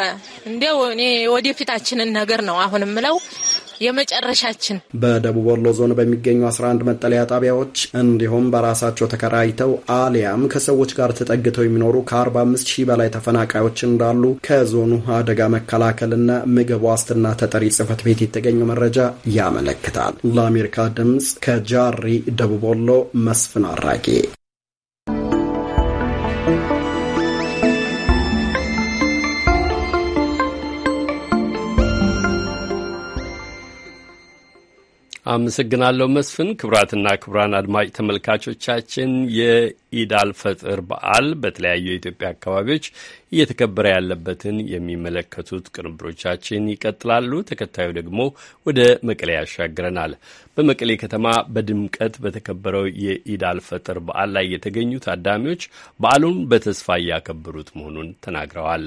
[SPEAKER 17] እንዲያው እኔ ወደፊታችንን ነገር ነው አሁን ምለው የመጨረሻችን።
[SPEAKER 16] በደቡብ ወሎ ዞን በሚገኙ 11 መጠለያ ጣቢያዎች እንዲሁም በራሳቸው ተከራይተው አሊያም ከሰዎች ጋር ተጠግተው የሚኖሩ ከ45 ሺህ በላይ ተፈናቃዮች እንዳሉ ከዞኑ አደጋ መከላከልና ምግብ ዋስትና ተጠሪ ጽህፈት ቤት የተገኘው መረጃ ያመለክታል። ለአሜሪካ ድምፅ ከጃሪ ደቡብ ወሎ መስፍን አራጌ
[SPEAKER 1] አመሰግናለሁ መስፍን። ክቡራትና ክቡራን አድማጭ ተመልካቾቻችን የኢዳል ፈጥር በዓል በተለያዩ የኢትዮጵያ አካባቢዎች እየተከበረ ያለበትን የሚመለከቱት ቅንብሮቻችን ይቀጥላሉ። ተከታዩ ደግሞ ወደ መቀሌ ያሻግረናል። በመቀሌ ከተማ በድምቀት በተከበረው የኢዳል ፈጥር በዓል ላይ የተገኙ ታዳሚዎች በዓሉን በተስፋ እያከበሩት መሆኑን ተናግረዋል።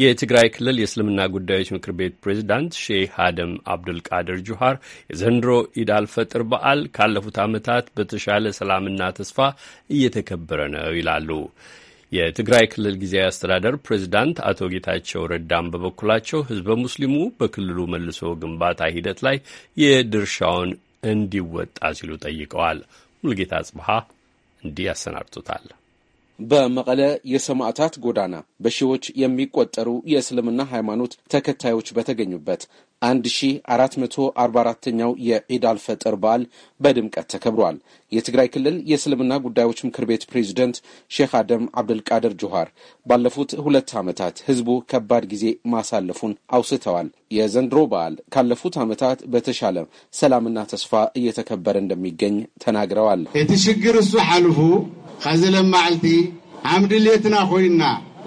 [SPEAKER 1] የትግራይ ክልል የእስልምና ጉዳዮች ምክር ቤት ፕሬዚዳንት ሼህ ሀደም አብዱልቃድር ጁሃር የዘንድሮ ኢድ አልፈጥር በዓል ካለፉት ዓመታት በተሻለ ሰላምና ተስፋ እየተከበረ ነው ይላሉ። የትግራይ ክልል ጊዜያዊ አስተዳደር ፕሬዚዳንት አቶ ጌታቸው ረዳም በበኩላቸው ህዝበ ሙስሊሙ በክልሉ መልሶ ግንባታ ሂደት ላይ የድርሻውን እንዲወጣ ሲሉ ጠይቀዋል። ሙልጌታ አጽብሃ እንዲህ ያሰናድቶታል።
[SPEAKER 18] በመቀለ የሰማዕታት ጎዳና በሺዎች የሚቆጠሩ የእስልምና ሃይማኖት ተከታዮች በተገኙበት 1444ኛው የኢድ አልፈጥር በዓል በድምቀት ተከብሯል። የትግራይ ክልል የእስልምና ጉዳዮች ምክር ቤት ፕሬዚደንት ሼክ አደም አብድልቃድር ጆሃር ባለፉት ሁለት ዓመታት ህዝቡ ከባድ ጊዜ ማሳለፉን አውስተዋል። የዘንድሮ በዓል ካለፉት ዓመታት በተሻለ ሰላምና ተስፋ እየተከበረ እንደሚገኝ ተናግረዋል። እቲ ሽግር እሱ ሓልፉ ከዚ ለማዓልቲ ዓምድሌትና ኮይና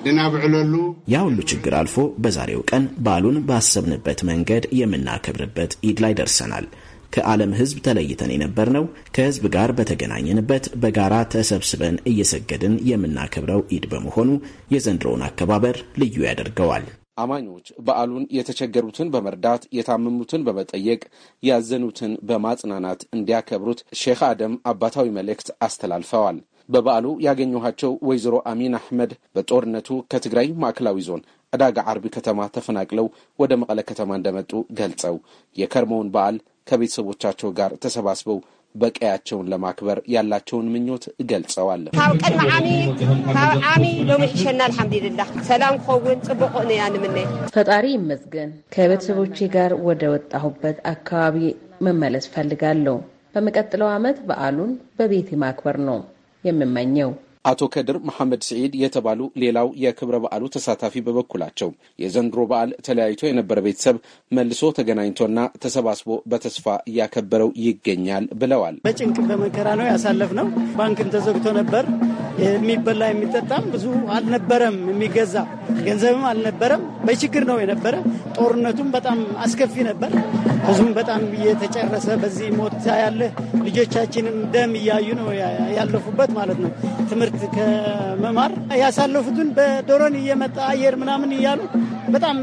[SPEAKER 18] ልናብዕለሉ
[SPEAKER 13] ያ ሁሉ ችግር አልፎ በዛሬው ቀን በዓሉን ባሰብንበት መንገድ የምናከብርበት ኢድ ላይ ደርሰናል። ከዓለም ሕዝብ ተለይተን የነበርነው ከሕዝብ ጋር በተገናኘንበት በጋራ ተሰብስበን እየሰገድን የምናከብረው ኢድ በመሆኑ የዘንድሮውን አከባበር ልዩ ያደርገዋል።
[SPEAKER 18] አማኞች በዓሉን የተቸገሩትን በመርዳት የታመሙትን በመጠየቅ ያዘኑትን በማጽናናት እንዲያከብሩት ሼክ አደም አባታዊ መልእክት አስተላልፈዋል። በበዓሉ ያገኘኋቸው ወይዘሮ አሚን አሕመድ በጦርነቱ ከትግራይ ማዕከላዊ ዞን ዕዳጋ ዓርቢ ከተማ ተፈናቅለው ወደ መቐለ ከተማ እንደመጡ ገልጸው የከርሞውን በዓል ከቤተሰቦቻቸው ጋር ተሰባስበው በቀያቸውን ለማክበር ያላቸውን ምኞት ገልጸዋል።
[SPEAKER 15] ካብ ቀድሚ ዓሚ ካብ ዓሚ ሎሚ ሒሸና አልሓምዱልላ ሰላም ክኸውን ፅቡቅ ንያ ንምነ
[SPEAKER 8] ፈጣሪ ይመዝገን። ከቤተሰቦቼ ጋር ወደ ወጣሁበት አካባቢ መመለስ ፈልጋለሁ። በሚቀጥለው ዓመት በዓሉን በቤቴ ማክበር ነው። 也蛮蛮牛。
[SPEAKER 18] አቶ ከድር መሐመድ ስዒድ የተባሉ ሌላው የክብረ በዓሉ ተሳታፊ በበኩላቸው የዘንድሮ በዓል ተለያይቶ የነበረ ቤተሰብ መልሶ ተገናኝቶና ተሰባስቦ በተስፋ እያከበረው ይገኛል ብለዋል።
[SPEAKER 15] በጭንቅ በመከራ ነው ያሳለፍነው። ባንክም ተዘግቶ ነበር። የሚበላ የሚጠጣም ብዙ አልነበረም። የሚገዛ ገንዘብም አልነበረም። በችግር ነው የነበረ። ጦርነቱም በጣም አስከፊ ነበር። ብዙም በጣም እየተጨረሰ በዚህ ሞት ያለ ልጆቻችንም ደም እያዩ ነው ያለፉበት ማለት ነው ትምህርት ከትምህርት ከመማር ያሳለፉትን በዶሮን እየመጣ አየር ምናምን እያሉ በጣም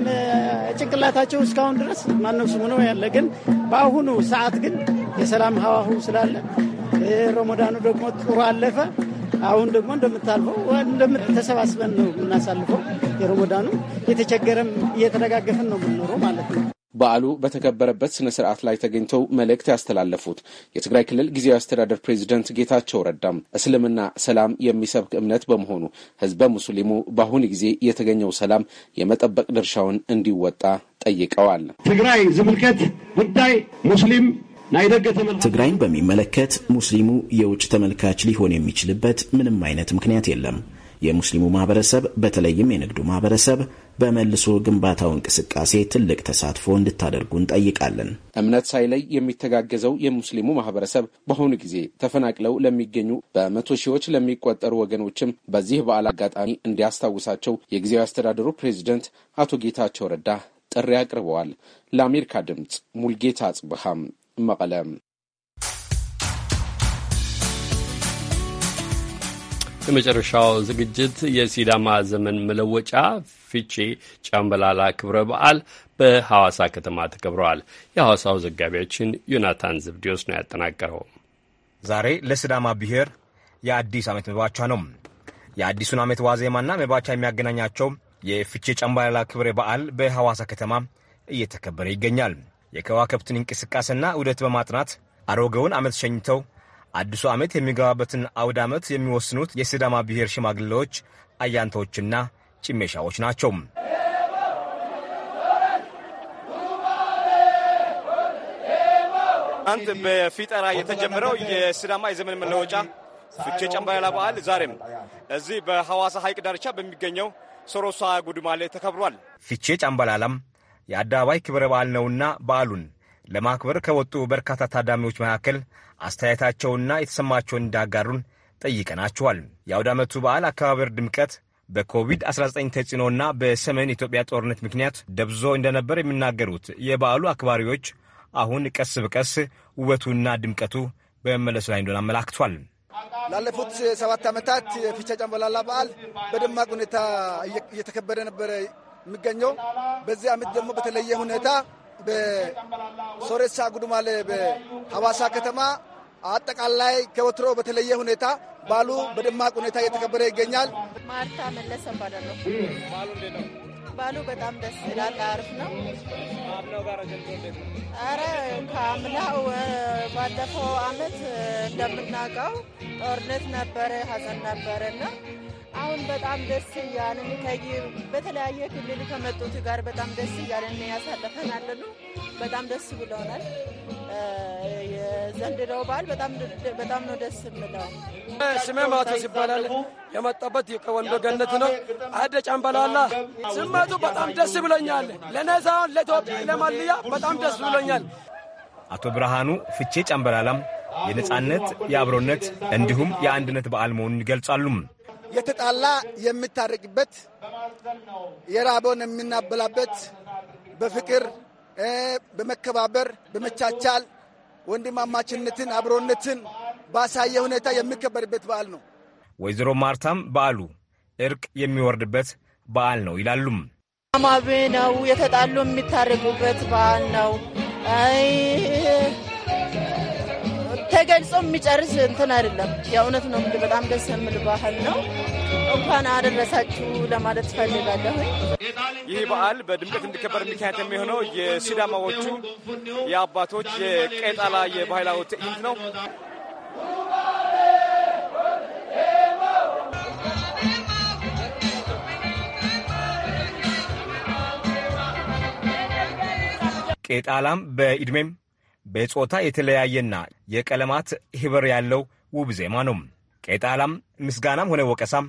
[SPEAKER 15] ጭንቅላታቸው እስካሁን ድረስ ማነሱ ምኖ ያለ። ግን በአሁኑ ሰዓት ግን የሰላም ሀዋሁ ስላለ ሮሞዳኑ ደግሞ ጥሩ አለፈ። አሁን ደግሞ እንደምታልፈው እንደምተሰባስበን ነው የምናሳልፈው። የሮሞዳኑ የተቸገረም እየተደጋገፈን ነው የምንኖረው ማለት ነው።
[SPEAKER 18] በዓሉ በተከበረበት ስነ ስርዓት ላይ ተገኝተው መልእክት ያስተላለፉት የትግራይ ክልል ጊዜያዊ አስተዳደር ፕሬዚደንት ጌታቸው ረዳም እስልምና ሰላም የሚሰብክ እምነት በመሆኑ ህዝበ ሙስሊሙ በአሁኑ ጊዜ የተገኘው ሰላም የመጠበቅ ድርሻውን እንዲወጣ ጠይቀዋል። ትግራይ ዝምልከት
[SPEAKER 6] ጉዳይ ሙስሊም ትግራይን
[SPEAKER 13] በሚመለከት ሙስሊሙ የውጭ ተመልካች ሊሆን የሚችልበት ምንም አይነት ምክንያት የለም። የሙስሊሙ ማህበረሰብ በተለይም የንግዱ ማህበረሰብ በመልሶ ግንባታው እንቅስቃሴ ትልቅ ተሳትፎ እንድታደርጉ እንጠይቃለን።
[SPEAKER 18] እምነት ሳይለይ የሚተጋገዘው የሙስሊሙ ማህበረሰብ በአሁኑ ጊዜ ተፈናቅለው ለሚገኙ በመቶ ሺዎች ለሚቆጠሩ ወገኖችም በዚህ በዓል አጋጣሚ እንዲያስታውሳቸው የጊዜያዊ አስተዳደሩ ፕሬዚደንት አቶ ጌታቸው ረዳ ጥሪ አቅርበዋል። ለአሜሪካ ድምፅ ሙልጌታ አጽብሃም መቀለም
[SPEAKER 1] የመጨረሻው ዝግጅት የሲዳማ ዘመን መለወጫ ፊቼ ጫምበላላ ክብረ በዓል በሐዋሳ ከተማ ተከብረዋል። የሐዋሳው ዘጋቢያችን ዮናታን ዝብዲዮስ ነው ያጠናቀረው።
[SPEAKER 3] ዛሬ ለሲዳማ ብሔር የአዲስ ዓመት መባቻ ነው። የአዲሱን ዓመት ዋዜማና መባቻ የሚያገናኛቸው የፍቼ ጫምበላላ ክብረ በዓል በሐዋሳ ከተማ እየተከበረ ይገኛል። የከዋከብትን እንቅስቃሴና ውደት በማጥናት አሮገውን ዓመት ሸኝተው አዲሱ ዓመት የሚገባበትን አውድ ዓመት የሚወስኑት የሲዳማ ብሔር ሽማግሌዎች፣ አያንተዎችና ጭሜሻዎች ናቸው። አንት በፊጠራ የተጀመረው የሲዳማ የዘመን መለወጫ ፍቼ ጨምባላላ በዓል ዛሬም እዚህ በሐዋሳ ሐይቅ ዳርቻ በሚገኘው ሶሮሳ ጉድማሌ ተከብሯል። ፍቼ ጨምባላላም የአደባባይ ክብረ በዓል ነውና በዓሉን ለማክበር ከወጡ በርካታ ታዳሚዎች መካከል አስተያየታቸውና የተሰማቸውን እንዳጋሩን ጠይቀናቸዋል። የአውደ ዓመቱ በዓል አከባበር ድምቀት በኮቪድ-19 ተጽዕኖና በሰሜን ኢትዮጵያ ጦርነት ምክንያት ደብዞ እንደነበር የሚናገሩት የበዓሉ አክባሪዎች አሁን ቀስ በቀስ ውበቱና ድምቀቱ በመመለሱ ላይ እንደሆነ አመላክቷል።
[SPEAKER 16] ላለፉት ሰባት ዓመታት የፊቻ ጨንበላላ በዓል በደማቅ ሁኔታ እየተከበረ ነበረ የሚገኘው። በዚህ ዓመት ደግሞ በተለየ ሁኔታ
[SPEAKER 2] በሶሬሳ
[SPEAKER 16] ጉዱማሌ በሐዋሳ ከተማ አጠቃላይ ከወትሮ በተለየ ሁኔታ ባሉ በደማቅ ሁኔታ እየተከበረ ይገኛል።
[SPEAKER 17] ማርታ መለሰ ባዳለሁ። ባሉ በጣም ደስ ይላል። አሪፍ ነው። አረ ከአምናው ባለፈው አመት እንደምናውቀው ጦርነት ነበረ፣ ሀዘን ነበረ እና አሁን በጣም ደስ እያለን ከይ በተለያየ ክልል ከመጡት ጋር በጣም ደስ እያለን ያሳለፈን አለሉ በጣም ደስ ብለውናል። የዘንድሮው በዓል በጣም ነው ደስ ብለው።
[SPEAKER 6] ስሜ ማቶስ ይባላል። የመጣበት ከወንዶ ገነት ነው። አደ ጫምባላላ ስመቱ በጣም ደስ ብሎኛል። ለእኔ ሳይሆን ለኢትዮጵያ ለማልያ በጣም ደስ ብሎኛል።
[SPEAKER 3] አቶ ብርሃኑ ፍቼ ጫምበላላም የነጻነት የአብሮነት እንዲሁም የአንድነት በዓል መሆኑን ይገልጻሉ።
[SPEAKER 16] የተጣላ የምታረቅበት፣ የራበውን የምናበላበት፣ በፍቅር በመከባበር በመቻቻል ወንድማማችነትን አብሮነትን ባሳየ ሁኔታ የሚከበርበት
[SPEAKER 17] በዓል ነው።
[SPEAKER 3] ወይዘሮ ማርታም በዓሉ እርቅ የሚወርድበት በዓል ነው ይላሉም።
[SPEAKER 17] አማቤ ነው የተጣሉ የሚታረቁበት በዓል ነው። ተገልጾ የሚጨርስ እንትን አይደለም። የእውነት ነው የምልህ በጣም ደስ የምል ባህል ነው። እንኳን አደረሳችሁ ለማለት ትፈልጋለሁ።
[SPEAKER 3] ይህ በዓል በድምቀት እንዲከበር ምክንያት የሚሆነው የሲዳማዎቹ የአባቶች የቄጣላ የባህላዊ ትዕይንት ነው። ቄጣላም በኢድሜም በጾታ የተለያየና የቀለማት ኅብር ያለው ውብ ዜማ ነው። ቄጣላም ምስጋናም ሆነ ወቀሳም፣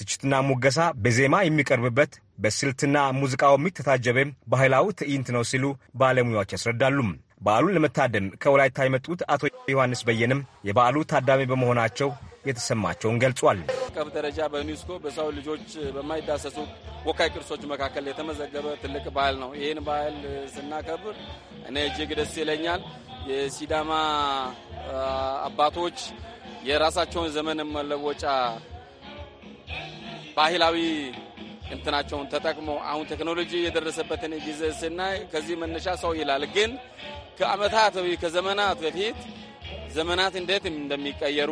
[SPEAKER 3] ትችትና ሙገሳ በዜማ የሚቀርብበት በስልትና ሙዚቃው የሚተታጀበ ባህላዊ ትዕይንት ነው ሲሉ ባለሙያዎች ያስረዳሉ። በዓሉን ለመታደም ከወላይታ የመጡት አቶ ዮሐንስ በየንም የበዓሉ ታዳሚ በመሆናቸው የተሰማቸውን ገልጿል።
[SPEAKER 6] ቀብ ደረጃ በዩኒስኮ በሰው ልጆች በማይዳሰሱ ወካይ ቅርሶች መካከል የተመዘገበ ትልቅ ባህል ነው። ይህን ባህል ስናከብር እኔ እጅግ ደስ ይለኛል። የሲዳማ አባቶች የራሳቸውን ዘመን መለወጫ ባህላዊ እንትናቸውን ተጠቅሞ አሁን ቴክኖሎጂ የደረሰበትን ጊዜ ስናይ ከዚህ መነሻ ሰው ይላል። ግን ከአመታት ከዘመናት በፊት ዘመናት እንዴት እንደሚቀየሩ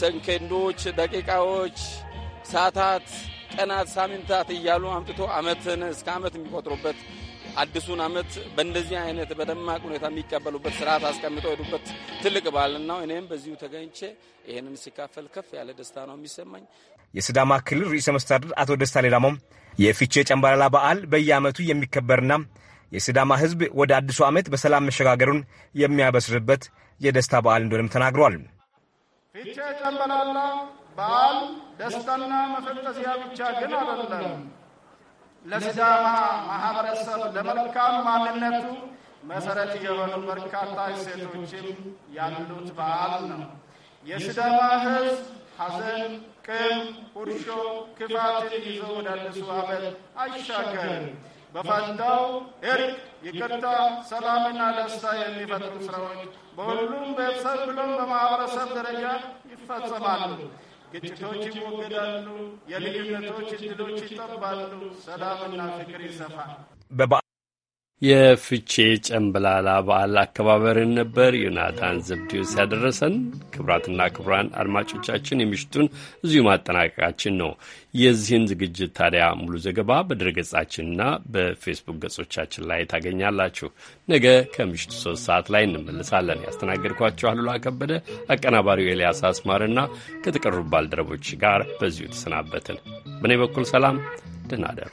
[SPEAKER 6] ሰንኬንዶች፣ ደቂቃዎች፣ ሰዓታት፣ ቀናት፣ ሳምንታት እያሉ አምጥቶ አመትን እስከ አመት የሚቆጥሩበት አዲሱን አመት በእንደዚህ አይነት በደማቅ ሁኔታ የሚቀበሉበት ስርዓት አስቀምጠው ሄዱበት ትልቅ በዓል ነው። እኔም በዚሁ ተገኝቼ ይህንን ሲካፈል ከፍ ያለ ደስታ ነው የሚሰማኝ።
[SPEAKER 3] የስዳማ ክልል ርዕሰ መስተዳድር አቶ ደስታ ሌዳሞም የፊቼ ጨምባላላ በዓል በየአመቱ የሚከበርና የስዳማ ሕዝብ ወደ አዲሱ ዓመት በሰላም መሸጋገሩን የሚያበስርበት የደስታ በዓል እንደሆነም ተናግሯል።
[SPEAKER 14] ፊቼ ጨምበላላ በዓል ደስታና መፈንጠዚያ ብቻ ግን አይደለም። ለሲዳማ
[SPEAKER 6] ማህበረሰብ ለመልካም ማንነቱ መሰረት የሆኑ በርካታ እሴቶችም
[SPEAKER 14] ያሉት በዓል ነው። የሲዳማ ህዝብ ሐዘን፣ ቅም፣ ቁርሾ፣ ክፋትን ይዞ ወደ አዲሱ ዓመት አይሻገርም። በፋሽታው እርቅ፣ ይቅርታ፣ ሰላምና ደስታ የሚፈጥሩ ስራዎች በሁሉም ቤተሰብ ብሎም በማህበረሰብ ደረጃ ይፈጸማሉ። ግጭቶች ይወገዳሉ፣ የልዩነቶች እድሎች
[SPEAKER 16] ይጠባሉ፣ ሰላምና ፍቅር ይሰፋል።
[SPEAKER 1] የፍቼ ጨምበላላ በዓል አከባበርን ነበር ዮናታን ዘብዲዮስ ያደረሰን። ክብራትና ክብራን አድማጮቻችን የምሽቱን እዚሁ ማጠናቀቃችን ነው። የዚህን ዝግጅት ታዲያ ሙሉ ዘገባ በድረገጻችንና በፌስቡክ ገጾቻችን ላይ ታገኛላችሁ። ነገ ከምሽቱ ሶስት ሰዓት ላይ እንመልሳለን። ያስተናገድኳችሁ አሉላ ከበደ፣ አቀናባሪው ኤልያስ አስማርና ከተቀሩ ባልደረቦች ጋር በዚሁ ተሰናበትን። በእኔ በኩል ሰላም፣ ደህና እደሩ።